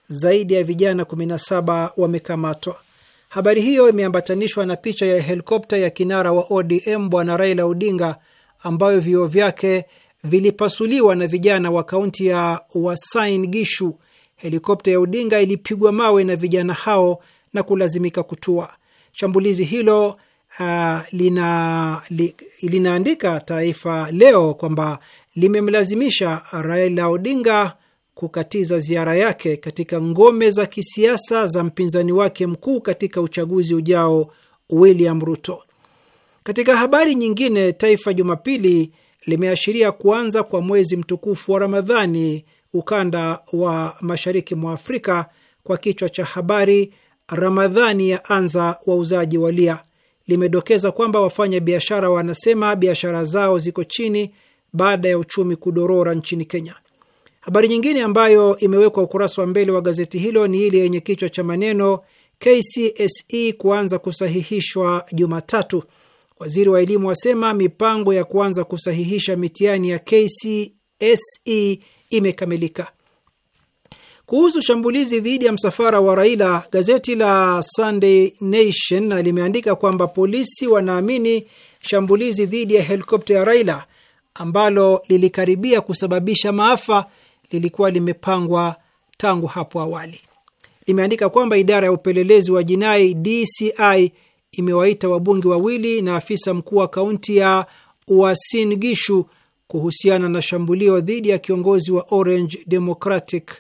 Speaker 5: Zaidi ya vijana 17 wamekamatwa. Habari hiyo imeambatanishwa na picha ya helikopta ya kinara wa ODM Bwana Raila Odinga ambayo vioo vyake vilipasuliwa na vijana wa kaunti ya Wasain Gishu helikopta ya Odinga ilipigwa mawe na vijana hao na kulazimika kutua. Shambulizi hilo uh, lina, li, linaandika Taifa Leo kwamba limemlazimisha Raila Odinga kukatiza ziara yake katika ngome za kisiasa za mpinzani wake mkuu katika uchaguzi ujao William Ruto. Katika habari nyingine, Taifa Jumapili limeashiria kuanza kwa mwezi mtukufu wa Ramadhani ukanda wa mashariki mwa Afrika kwa kichwa cha habari Ramadhani ya anza wauzaji walia. Limedokeza kwamba wafanya biashara wanasema biashara zao ziko chini baada ya uchumi kudorora nchini Kenya. Habari nyingine ambayo imewekwa ukurasa wa mbele wa gazeti hilo ni ile yenye kichwa cha maneno KCSE kuanza kusahihishwa Jumatatu. Waziri wa elimu asema mipango ya kuanza kusahihisha mitihani ya KCSE imekamilika. Kuhusu shambulizi dhidi ya msafara wa Raila, gazeti la Sunday Nation limeandika kwamba polisi wanaamini shambulizi dhidi ya helikopta ya Raila ambalo lilikaribia kusababisha maafa lilikuwa limepangwa tangu hapo awali. Limeandika kwamba idara ya upelelezi wa jinai DCI imewaita wabunge wawili na afisa mkuu wa kaunti ya Uasin Gishu kuhusiana na shambulio dhidi ya kiongozi wa Orange Democratic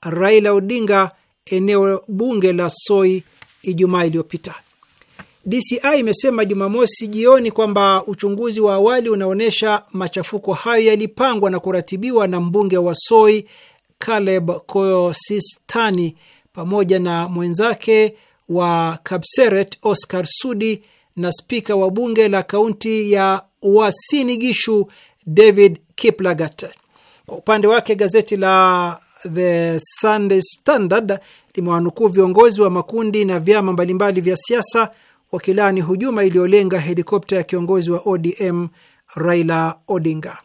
Speaker 5: Raila Odinga eneo bunge la Soi Ijumaa iliyopita. DCI imesema Jumamosi jioni kwamba uchunguzi wa awali unaonyesha machafuko hayo yalipangwa na kuratibiwa na mbunge wa Soi Caleb cosistani pamoja na mwenzake wa Kapseret Oscar Sudi na spika wa bunge la kaunti ya wasinigishu Gishu David Kiplagat. Kwa upande wake gazeti la The Sunday Standard limewanukuu viongozi wa makundi na vyama mbalimbali vya siasa wakilaani hujuma iliyolenga helikopta ya kiongozi wa ODM Raila Odinga.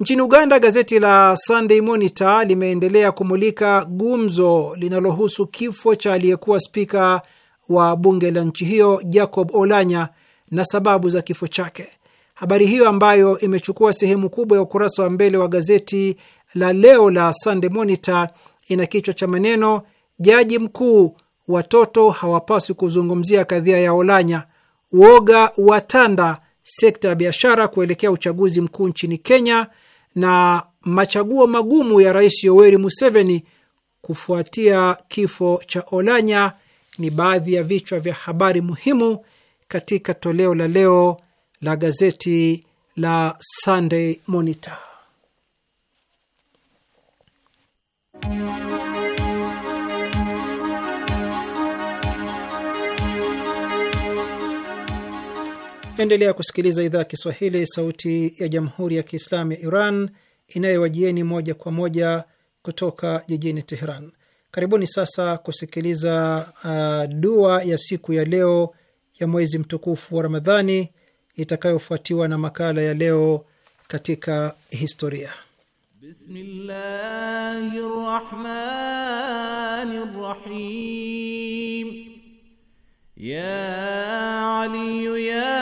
Speaker 5: Nchini Uganda, gazeti la Sunday Monitor limeendelea kumulika gumzo linalohusu kifo cha aliyekuwa spika wa bunge la nchi hiyo Jacob Olanya na sababu za kifo chake. Habari hiyo ambayo imechukua sehemu kubwa ya ukurasa wa mbele wa gazeti la leo la Sunday Monitor ina kichwa cha maneno jaji mkuu, watoto hawapaswi kuzungumzia kadhia ya Olanya, woga watanda sekta ya biashara kuelekea uchaguzi mkuu nchini Kenya, na machaguo magumu ya Rais Yoweri Museveni kufuatia kifo cha Olanya ni baadhi ya vichwa vya habari muhimu katika toleo la leo la gazeti la Sunday Monitor. Naendelea kusikiliza idhaa ya Kiswahili, sauti ya jamhuri ya kiislamu ya Iran inayowajieni moja kwa moja kutoka jijini Teheran. Karibuni sasa kusikiliza uh, dua ya siku ya leo ya mwezi mtukufu wa Ramadhani itakayofuatiwa na makala ya leo katika historia.
Speaker 7: Ya Ali ya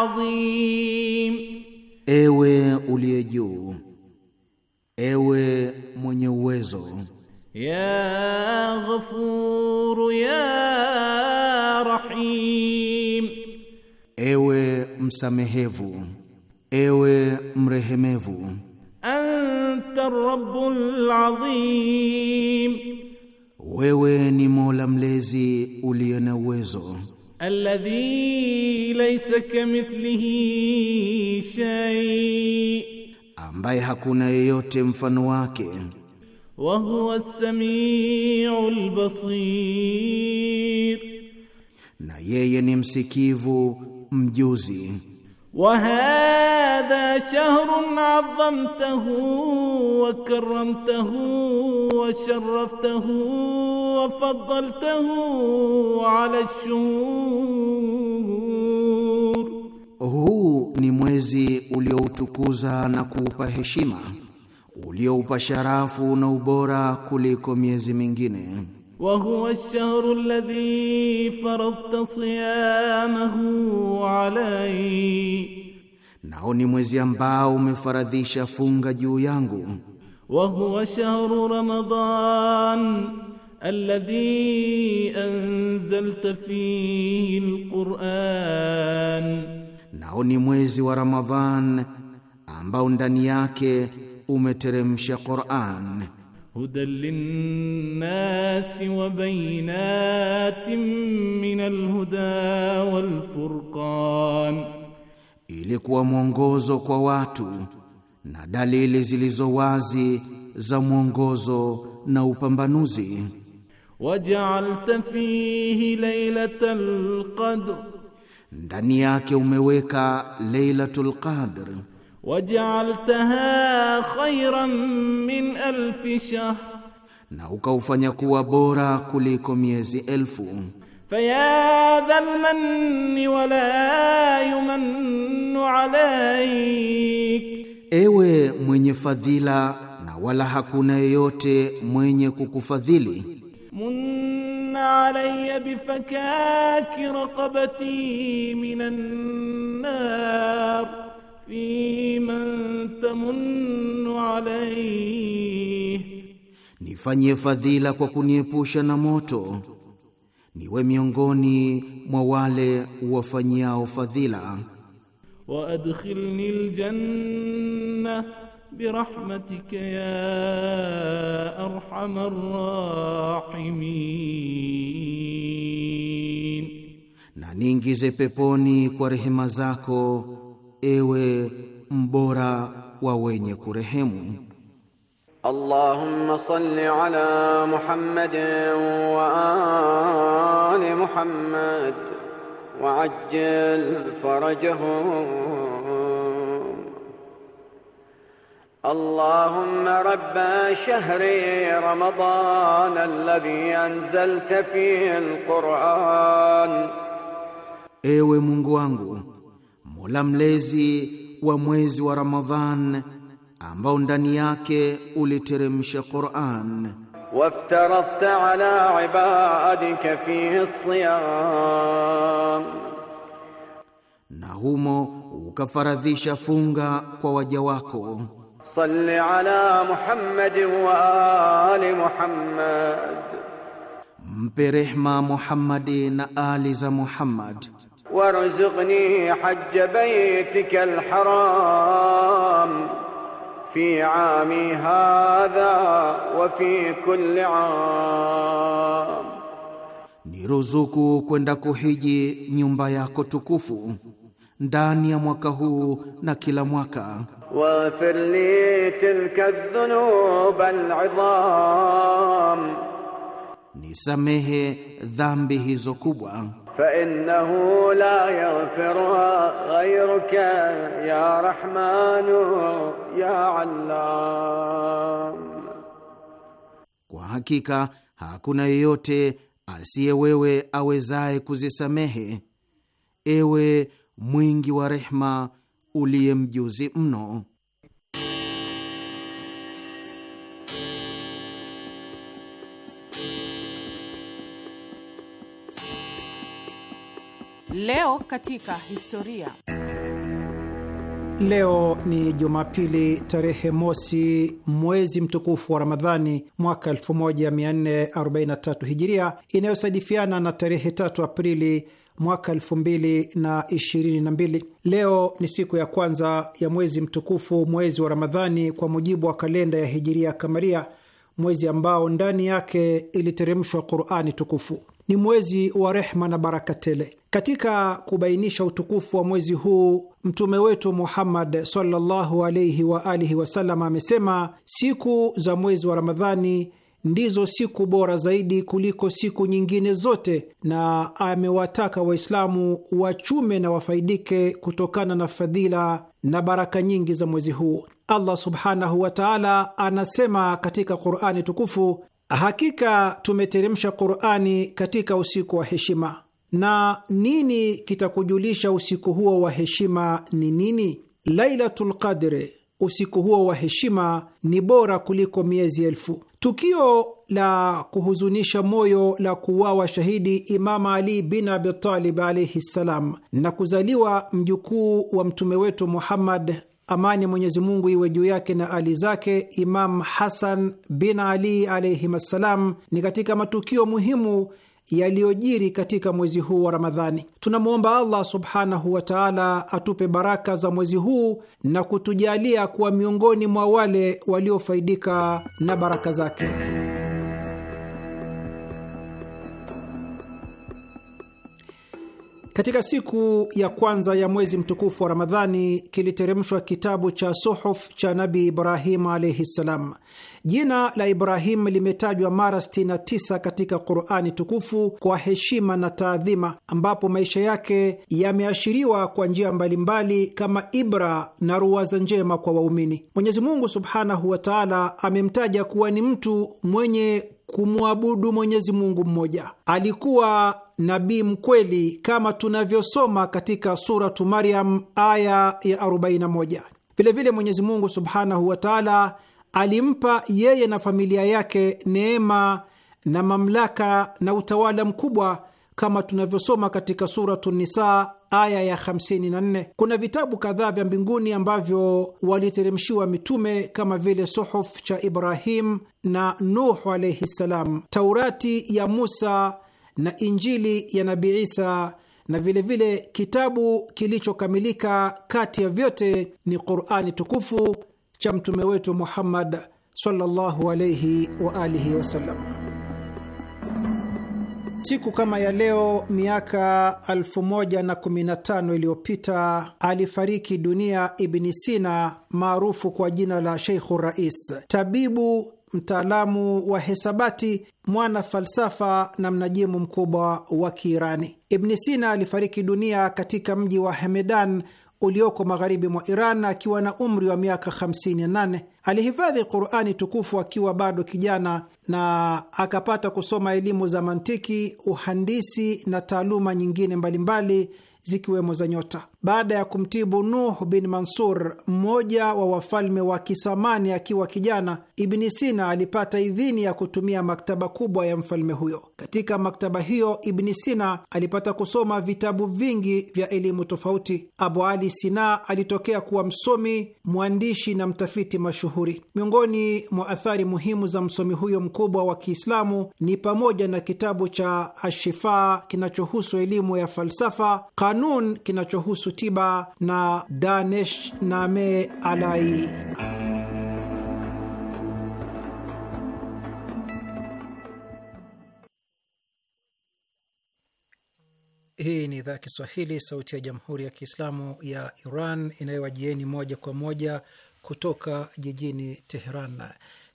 Speaker 7: azim.
Speaker 1: Ewe uliye juu, ewe mwenye uwezo.
Speaker 7: Ya Ghafur
Speaker 1: ya ewe msamehevu, ewe mrehemevu.
Speaker 7: Anta rabbul azim,
Speaker 1: wewe ni Mola mlezi uliye na uwezo.
Speaker 7: Alladhi laysa kamithlihi shay,
Speaker 1: ambaye hakuna yeyote mfano wake.
Speaker 7: Wa huwa as-sami'ul basir,
Speaker 1: na yeye ni msikivu mjuzi.
Speaker 7: Wa hadha shahrun azamtahu wa karramtahu wa sharraftahu wa faddaltahu
Speaker 1: ala shuhur, huu ni mwezi ulioutukuza na kuupa heshima, ulioupa sharafu na ubora kuliko miezi mingine
Speaker 7: وهو الشهر
Speaker 1: الذي فرضت صيامه علي nao ni mwezi ambao umefaradhisha funga juu yangu
Speaker 7: وهو شهر رمضان الذي
Speaker 1: أنزلت فيه القرآن nao ni mwezi wa Ramadhan ambao ndani yake umeteremsha Qur'an
Speaker 7: هدى للناس وبينات
Speaker 1: من الهدى والفرقان ili kuwa mwongozo kwa watu na dalili zilizo wazi za mwongozo na upambanuzi
Speaker 7: waj'alta fihi lailatal qadr
Speaker 1: ndani yake umeweka lailatul qadr wajaaltaha khairan min alf shahr, na ukaufanya kuwa bora kuliko miezi elfu.
Speaker 7: Faya dhalmanni wala yumannu
Speaker 1: alayk, ewe mwenye fadhila na wala hakuna yeyote mwenye kukufadhili.
Speaker 7: Munna alayya bifakaki raqabati minan nar fiman tamunnu alayhi,
Speaker 1: nifanyie fadhila kwa kuniepusha na moto, niwe miongoni mwa wale wafanyiao fadhila.
Speaker 7: Wa adkhilni aljanna birahmatika ya arhamar rahimin,
Speaker 1: na niingize peponi kwa rehema zako ewe mbora wa wenye kurehemu.
Speaker 2: Allahumma salli ala Muhammad wa ali Muhammad wa ajjal farajahum. اللهم رب شهر رمضان الذي أنزلت فيه القرآن.
Speaker 1: إيوه مungu wangu Mola mlezi wa mwezi wa Ramadhan ambao ndani yake uliteremsha Qur'an.
Speaker 2: waftarafta ala ibadika fi siyam,
Speaker 1: na humo ukafaradhisha funga kwa waja wako.
Speaker 2: salli ala Muhammad wa ali Muhammad,
Speaker 1: mpe rehma Muhammadi na ali za Muhammad.
Speaker 2: وارزقني حج بيتك الحرام في عامي هذا
Speaker 1: وفي كل عام niruzuku kwenda kuhiji nyumba yako tukufu ndani ya mwaka huu na kila mwaka.
Speaker 2: waghfir li tilka dhunub al'idham,
Speaker 1: nisamehe dhambi hizo kubwa.
Speaker 2: فإنه لا يغفرها غيرك يا رحمن ya Allam.
Speaker 1: Kwa hakika hakuna yeyote asiye wewe awezaye kuzisamehe, ewe mwingi wa rehma uliye mjuzi mno. Leo katika historia.
Speaker 5: Leo ni Jumapili, tarehe mosi mwezi mtukufu wa Ramadhani mwaka 1443 Hijiria, inayosadifiana na tarehe 3 Aprili mwaka 2022. Leo ni siku ya kwanza ya mwezi mtukufu, mwezi wa Ramadhani kwa mujibu wa kalenda ya Hijiria Kamaria, mwezi ambao ndani yake iliteremshwa Qurani Tukufu. Ni mwezi wa rehma na baraka tele. Katika kubainisha utukufu wa mwezi huu Mtume wetu Muhammad sallallahu alaihi wa alihi wasallam amesema, siku za mwezi wa Ramadhani ndizo siku bora zaidi kuliko siku nyingine zote, na amewataka Waislamu wachume na wafaidike kutokana na fadhila na baraka nyingi za mwezi huu. Allah subhanahu wa taala anasema katika Qurani tukufu, hakika tumeteremsha Qurani katika usiku wa heshima na nini kitakujulisha usiku huo wa heshima ni nini? Lailatul Qadri, usiku huo wa heshima ni bora kuliko miezi elfu. Tukio la kuhuzunisha moyo la kuuawa shahidi Imama Ali bin Abi Talib alaihi ssalam na kuzaliwa mjukuu wa mtume wetu Muhammad, amani Mwenyezi Mungu iwe juu yake na ali zake, Imam Hasan bin Ali alaihim assalam, ni katika matukio muhimu yaliyojiri katika mwezi huu wa Ramadhani. Tunamwomba Allah subhanahu wa taala atupe baraka za mwezi huu na kutujalia kuwa miongoni mwa wale waliofaidika na baraka zake. Katika siku ya kwanza ya mwezi mtukufu wa Ramadhani kiliteremshwa kitabu cha suhuf cha Nabi Ibrahimu alaihi ssalam. Jina la Ibrahim limetajwa mara 69 katika Qurani tukufu kwa heshima na taadhima, ambapo maisha yake yameashiriwa kwa njia mbalimbali kama ibra na ruwaza njema kwa waumini. Mwenyezi Mungu subhanahu wa taala amemtaja kuwa ni mtu mwenye kumwabudu Mwenyezi Mungu mmoja. Alikuwa nabii mkweli kama tunavyosoma katika Suratu Maryam aya ya 41. Vilevile Mwenyezi Mungu subhanahu wa taala alimpa yeye na familia yake neema na mamlaka na utawala mkubwa kama tunavyosoma katika Suratu Nisa aya ya 54. Kuna vitabu kadhaa vya mbinguni ambavyo waliteremshiwa mitume kama vile suhuf cha Ibrahim na Nuh alaihi ssalam, Taurati ya Musa na Injili ya Nabi Isa na vilevile vile kitabu kilichokamilika kati ya vyote ni Qurani tukufu cha mtume wetu Muhammad sallallahu alayhi wa alihi wasallam. Siku kama ya leo miaka 115 iliyopita alifariki dunia Ibni Sina maarufu kwa jina la Sheikhu Rais, tabibu mtaalamu wa hesabati, mwana falsafa na mnajimu mkubwa wa Kiirani. Ibni Sina alifariki dunia katika mji wa Hemedan ulioko magharibi mwa Iran akiwa na umri wa miaka 58. Alihifadhi Qurani tukufu akiwa bado kijana na akapata kusoma elimu za mantiki, uhandisi na taaluma nyingine mbalimbali zikiwemo za nyota baada ya kumtibu Nuh bin Mansur, mmoja wa wafalme wa Kisamani akiwa kijana, Ibni Sina alipata idhini ya kutumia maktaba kubwa ya mfalme huyo. Katika maktaba hiyo, Ibni Sina alipata kusoma vitabu vingi vya elimu tofauti. Abu Ali Sina alitokea kuwa msomi, mwandishi na mtafiti mashuhuri. Miongoni mwa athari muhimu za msomi huyo mkubwa wa Kiislamu ni pamoja na kitabu cha Ashifa kinachohusu elimu ya falsafa, Kanun kinachohusu kuhusu tiba na Danesh Name Alai. Hii ni idhaa ya Kiswahili, sauti ya jamhuri ya kiislamu ya Iran inayowajieni moja kwa moja kutoka jijini Teheran.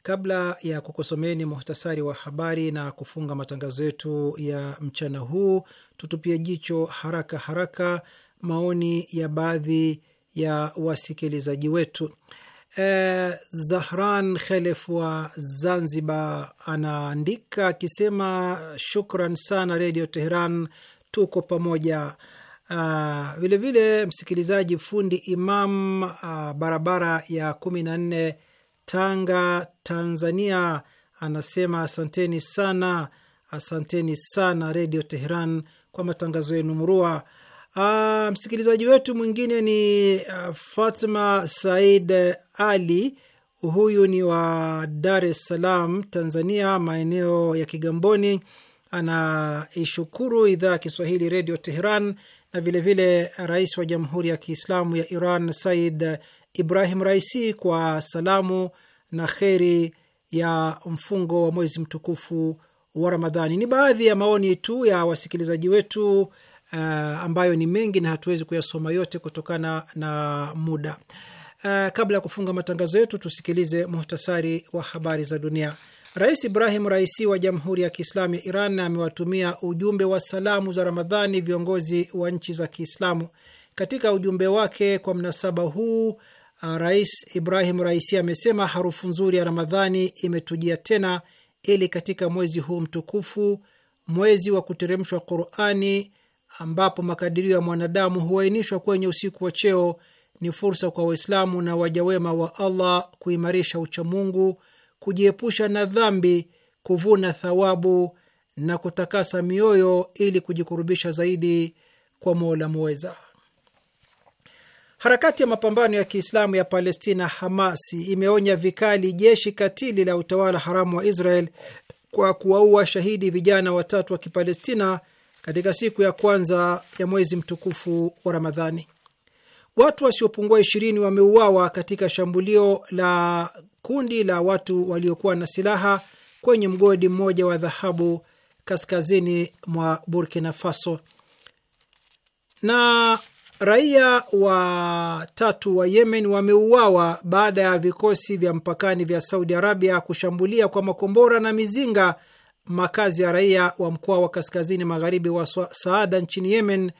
Speaker 5: Kabla ya kukusomeni muhtasari wa habari na kufunga matangazo yetu ya mchana huu, tutupie jicho haraka haraka maoni ya baadhi ya wasikilizaji wetu. Eh, Zahran Khelef wa Zanzibar anaandika akisema shukran sana Redio Teheran, tuko pamoja. Vilevile uh, msikilizaji fundi Imam uh, barabara ya kumi na nne Tanga, Tanzania anasema asanteni sana, asanteni sana Redio Teheran kwa matangazo yenu murua. Uh, msikilizaji wetu mwingine ni uh, Fatma Said Ali. Huyu ni wa Dar es Salaam, Tanzania, maeneo ya Kigamboni. Anaishukuru idhaa ya Kiswahili Redio Teheran na vilevile vile rais wa Jamhuri ya Kiislamu ya Iran Said Ibrahim Raisi kwa salamu na kheri ya mfungo wa mwezi mtukufu wa Ramadhani. Ni baadhi ya maoni tu ya wasikilizaji wetu uh, ambayo ni mengi na hatuwezi kuyasoma yote kutokana na muda. Uh, kabla ya kufunga matangazo yetu, tusikilize muhtasari wa habari za dunia. Rais Ibrahim Raisi wa Jamhuri ya Kiislamu ya Iran amewatumia ujumbe wa salamu za Ramadhani viongozi wa nchi za Kiislamu. Katika ujumbe wake kwa mnasaba huu, eh, Rais Ibrahim Raisi amesema harufu nzuri ya Ramadhani imetujia tena, ili katika mwezi huu mtukufu, mwezi wa kuteremshwa Qurani ambapo makadirio ya mwanadamu huainishwa kwenye usiku wa cheo ni fursa kwa Waislamu na wajawema wa Allah kuimarisha uchamungu, kujiepusha na dhambi, kuvuna thawabu na kutakasa mioyo ili kujikurubisha zaidi kwa Mola Muweza. Harakati ya mapambano ya Kiislamu ya Palestina, Hamasi, imeonya vikali jeshi katili la utawala haramu wa Israel kwa kuwaua shahidi vijana watatu wa Kipalestina katika siku ya kwanza ya mwezi mtukufu wa Ramadhani. Watu wasiopungua ishirini wameuawa katika shambulio la kundi la watu waliokuwa na silaha kwenye mgodi mmoja wa dhahabu kaskazini mwa Burkina Faso. Na raia watatu wa Yemen wameuawa baada ya vikosi vya mpakani vya Saudi Arabia kushambulia kwa makombora na mizinga makazi ya raia wa mkoa wa kaskazini magharibi wa Saada nchini Yemen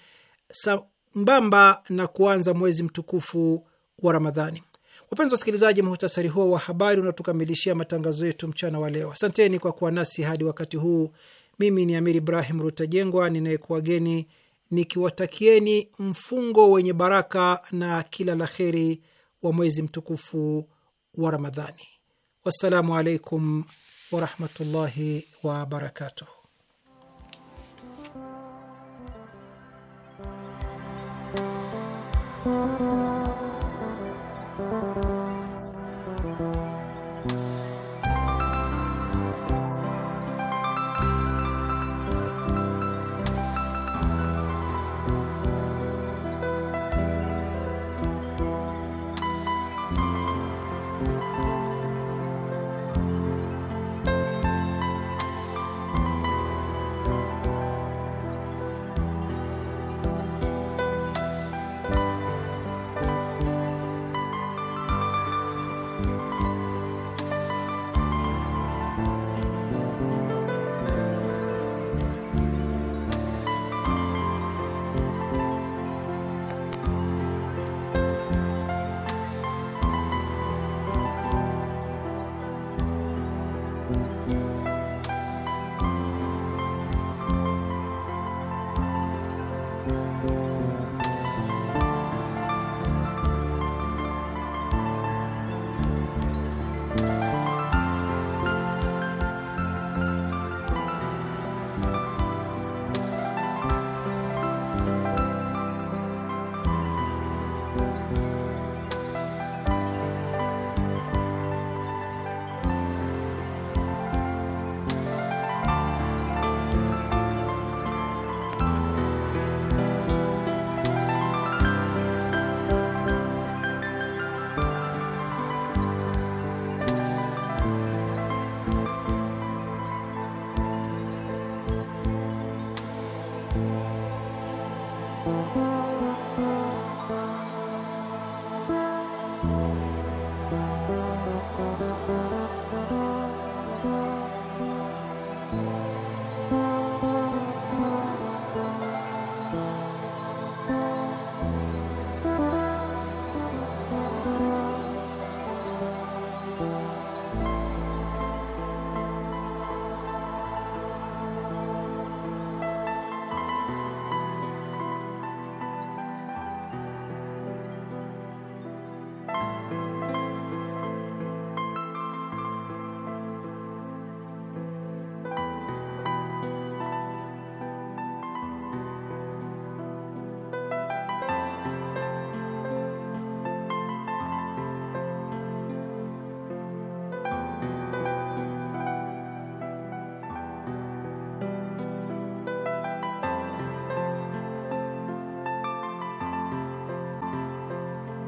Speaker 5: sambamba na kuanza mwezi mtukufu wa Ramadhani. Wapenzi wasikilizaji, muhtasari huo wa habari unatukamilishia matangazo yetu mchana wa leo. Asanteni kwa kuwa nasi hadi wakati huu. Mimi ni Amir Ibrahim Rutajengwa ninayekuwageni nikiwatakieni mfungo wenye baraka na kila la kheri wa mwezi mtukufu wa Ramadhani. Wassalamu alaikum warahmatullahi wabarakatuh.